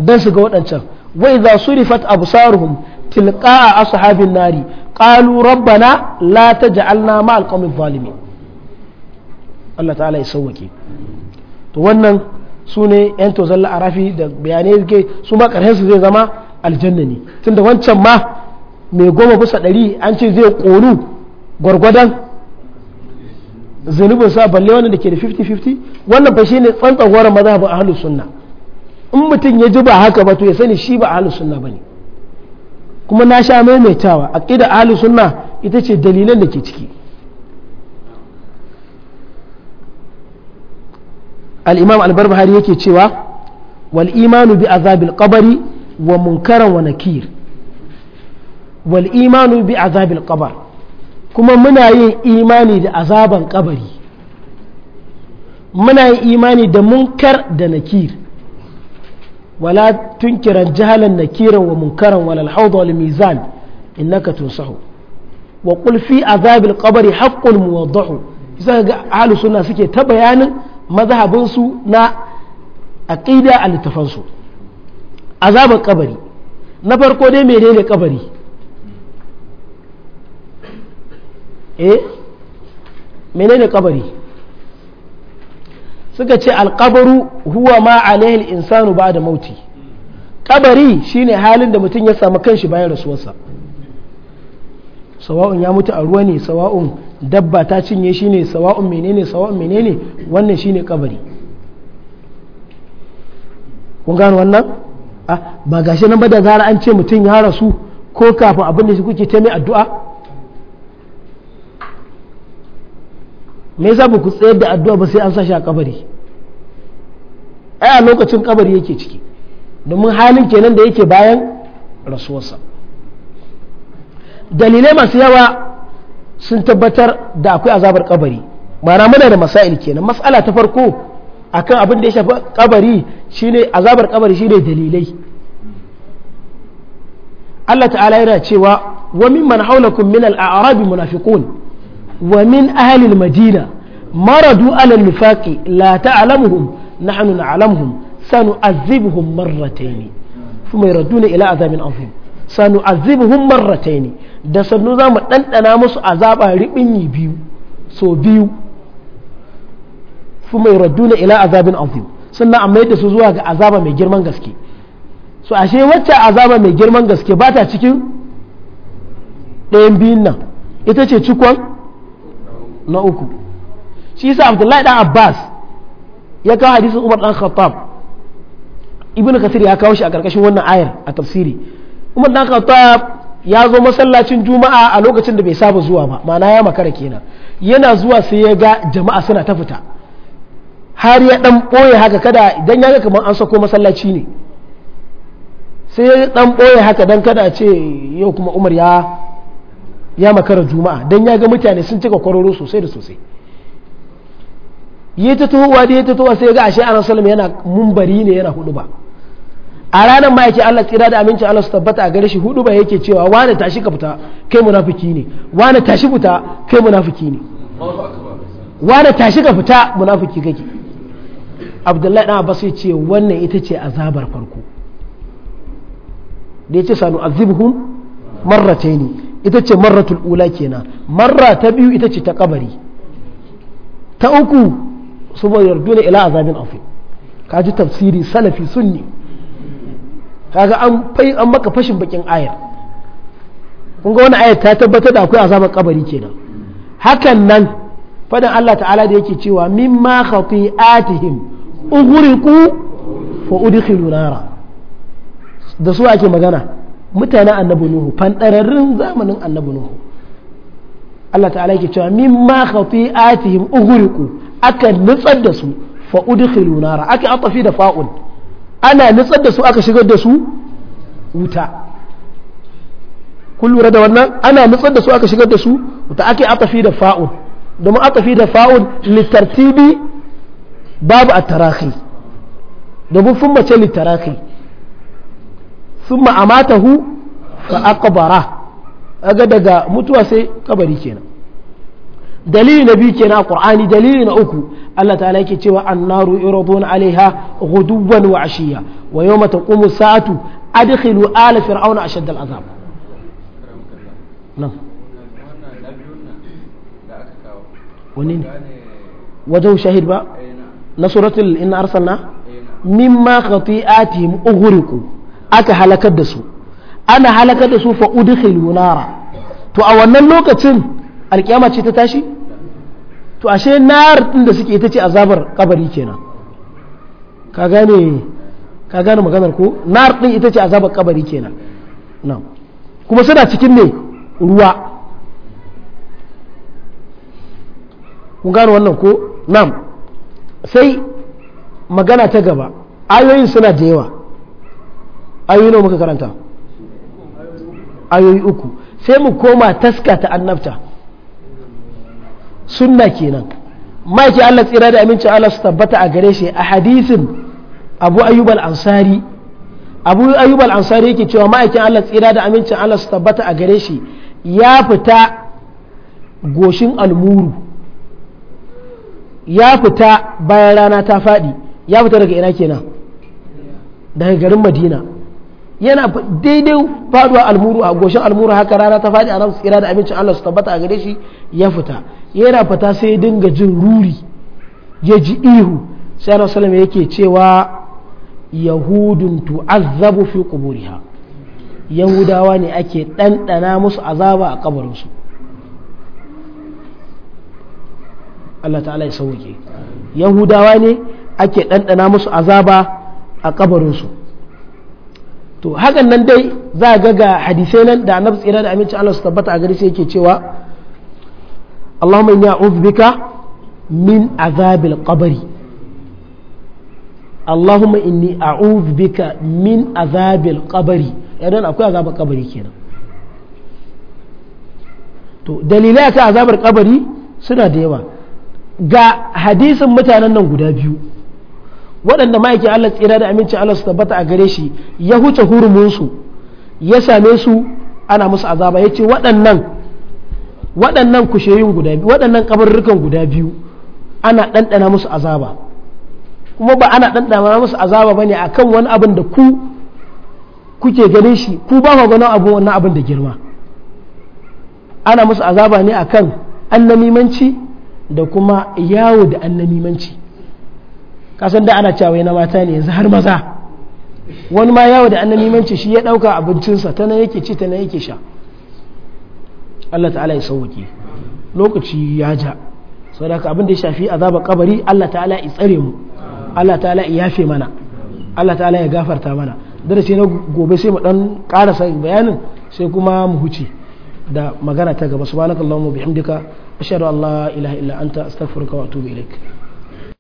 dan su ga waɗancan wa idza surifat absaruhum tilqa ashabin nari qalu rabbana la taj'alna ma alqawmi zalimin Allah ta'ala ya sauwake to wannan su ne yan tozalla arafi da bayanai yake su ma karshen su zai zama aljanna ne tunda wancan ma mai goma bisa ɗari an ce zai ƙonu gwargwadon zunubin sa balle wannan da ke da 50-50 wannan fa ne tsantsan maza mazhabin ahlus sunna in mutum ya ji ba haka ba ya sani shi ba ahlus sunna bane kuma na sha maimaitawa aqida ahli sunna ita ce dalilan da ke ciki alimam imam yake cewa wal imanu bi azabil qabri wa munkaran wa nakir wal imanu bi azabil qabr kuma muna yin imani da azaban kabari muna yin imani da munkar da nakir wala kiran jahalan nakiran wa munkaran wal hawd wal mizan innaka tunsahu wa qul fi azab al qabr haqqul muwaddah sai ga ahlus sunna suke ta bayanin mazhabin su a aqida al tafansu azab al qabri na farko dai menene kabari eh kabari suka ce alƙabaru huwa ma alaihil insanu ba da mauti ƙabari shine halin da mutum ya samu kanshi bayan rasuwarsa sawa'un ya mutu a ruwa ne sawa'un dabba ta cinye shi ne sawa'un menene sawa'un menene wannan shine ƙabari kun gano wannan ah, ba gashi nan ba da zara an ce mutum ya rasu ko kafin abin da kuke ta mai addu'a me yasa ba ku tsayar da addu'a ba sai an sa a kabari a lokacin kabari yake ciki domin halin kenan da yake bayan rasuwarsa dalilai masu yawa sun tabbatar da akwai azabar kabari ma'ana muna da masail kenan matsala ta farko akan abin da ya shafi kabari shine azabar kabari shine dalilai Allah ta'ala yana cewa wa mimman haulakum min al-a'rab munafiqun wa min ahlil madina maradu ala nifaqi la ta'lamuhum nahnu na'lamuhum sanu'adhibuhum marratayn thumma yaraduna ila azabin azim sanu'adhibuhum marratayn da sannu zamu dandana musu azaba ribinyi biyu so biyu thumma yaraduna ila azabin azim sannan a mai da su zuwa ga azaba mai girman gaske so ashe wacce azaba mai girman gaske ba ta cikin ɗayan nan ita ce cikon na uku shi sa abdullahi dan abbas ya kawo hadisin umar dan khattab ibnu kasir ya kawo shi a karkashin wannan ayar a tafsiri umar dan khattab ya zo masallacin juma'a a lokacin da bai saba zuwa ba ma'ana ya makara kenan yana zuwa sai ya ga jama'a suna ta fita har ya dan boye haka kada idan ya ga kamar an sako masallaci ne sai ya dan boye haka dan kada ce yau kuma umar ya ya makara juma'a don ya ga mutane sun cika kwararo sosai da sosai yi ta tuhuwa da yi ta tuhuwa sai ga ashe anan salam yana mumbari ne yana hudu ba a ranar ma yake Allah tsira da amincin Allah su tabbata a gare shi hudu ba yake cewa wane tashi ka fita kai munafiki ne wane tashi fita kai munafiki ne wane tashi ka fita munafiki kake abdullahi dan abbas ce wannan ita ce azabar farko da ya ce sanu azibhum marrataini ita ce marratul ula kenan marra ta biyu ita ce ta kabari ta uku saboda yarduna ila azabin afi ka ji tafsiri salafi sunni kaga an fai an maka fashin bakin aya kun ga wani ayar ta tabbatar da akwai azabar kabari kenan hakan nan fadan Allah ta'ala da yake cewa mimma khati'atihim ughriqu fa udkhilu nara da su ake magana mutanen annabi nuhu fandararrun zamanin annabi nuhu Allah ta'ala yake cewa min mimma khati'atihim ughriqu aka nutsar da su fa udkhilu nara aka atafi da fa'un ana nutsar da su aka shigar da su wuta kun da wannan ana nutsar da su aka shigar da su wuta aka atafi da fa'un domin atafi da fa'un litartibi babu at-tarahi domin sun mace littarafi sun ma'amatahu fa akabara aga daga mutuwa sai kabari kenan dalili na biyu kenan a qur'ani dalili na uku Allah ta'ala yake cewa annaru iradun alaiha ghuduwan wa ashiya wa yawma taqumu sa'atu adkhilu ala fir'auna ashadd al'azab nan wani ne wajen shahid ba eh, na suratul inna arsalna eh, mimma khati'atihim ughriqu aka halakar da su ana halakar da su fa udkhilu nara to a wannan lokacin alkiyama ce ta tashi to ashe nar din da suke ita ce azabar kabari kenan ka gane ka gane maganar ko nar din ita ce azabar kabari kenan kuma suna cikin ne ruwa kun gane wannan ko na'am sai magana ta gaba ayoyin suna da yawa ayoyi nawa muka karanta ayoyi uku sai mu koma taska ta annabta sunna kenan maki Allah tsira da amincin Allah su tabbata a gare shi a hadisin Abu Ayyub ansari Abu Ayyub ansari yake cewa ma'aikin Allah tsira da amincin Allah su tabbata a gare shi ya fita goshin almuru ya fita bayan rana ta faɗi ya fita daga ina kenan daga garin Madina yana daidai faduwa almuru a goshin almuru haka rana ta faɗi a nan tsira da abincin Allah su tabbata a gare shi ya fita yana fita sai dinga jin ruri ya ji ihu sai annabi sallallahu yake cewa yahudun tu'azzabu fi quburiha yahudawa ne ake ɗanɗana musu azaba a kabarinsu Allah ta'ala ya sauke yahudawa ne ake ɗanɗana musu azaba a kabarinsu to hakan nan dai za a ga hadisai nan da annabi tsira da aminci Allah su tabbata a gari sai yake cewa Allahumma inni a'udhu bika min azabil qabri Allahumma inni a'udhu bika min azabil qabri idan akwai azabar kabari kenan to dalilai ta azabar kabari suna da yawa ga hadisin mutanen nan guda biyu waɗanda ma'aikin Allah tsira da aminci Allah su tabbata a gare shi ya huce hurumunsu ya same su ana musu azaba ya ce waɗannan waɗannan kushirin guda biyu waɗannan kabarurrukan guda biyu ana ɗanɗana musu azaba kuma ba ana ɗanɗana musu azaba ba ne a kan wani abin da ku kuke ganin shi ku ba ma gano abu wannan abin da girma ana musu azaba ne a kan annamimanci da kuma yawo da annamimanci kasan da ana cewa na mata ne yanzu har maza wani ma yawo da mance shi ya dauka abincinsa ta nan yake ci ta nan yake sha Allah ta'ala ya sauke lokaci ya ja saboda abin da ya shafi azaba kabari Allah ta'ala ya tsare mu Allah ta'ala ya yafe mana Allah ta'ala ya gafarta mana darasi na gobe sai mu dan karasa bayanin sai kuma mu huce da magana ta gaba subhanakallahumma bihamdika ashhadu an la ilaha illa anta astaghfiruka wa atubu ilaik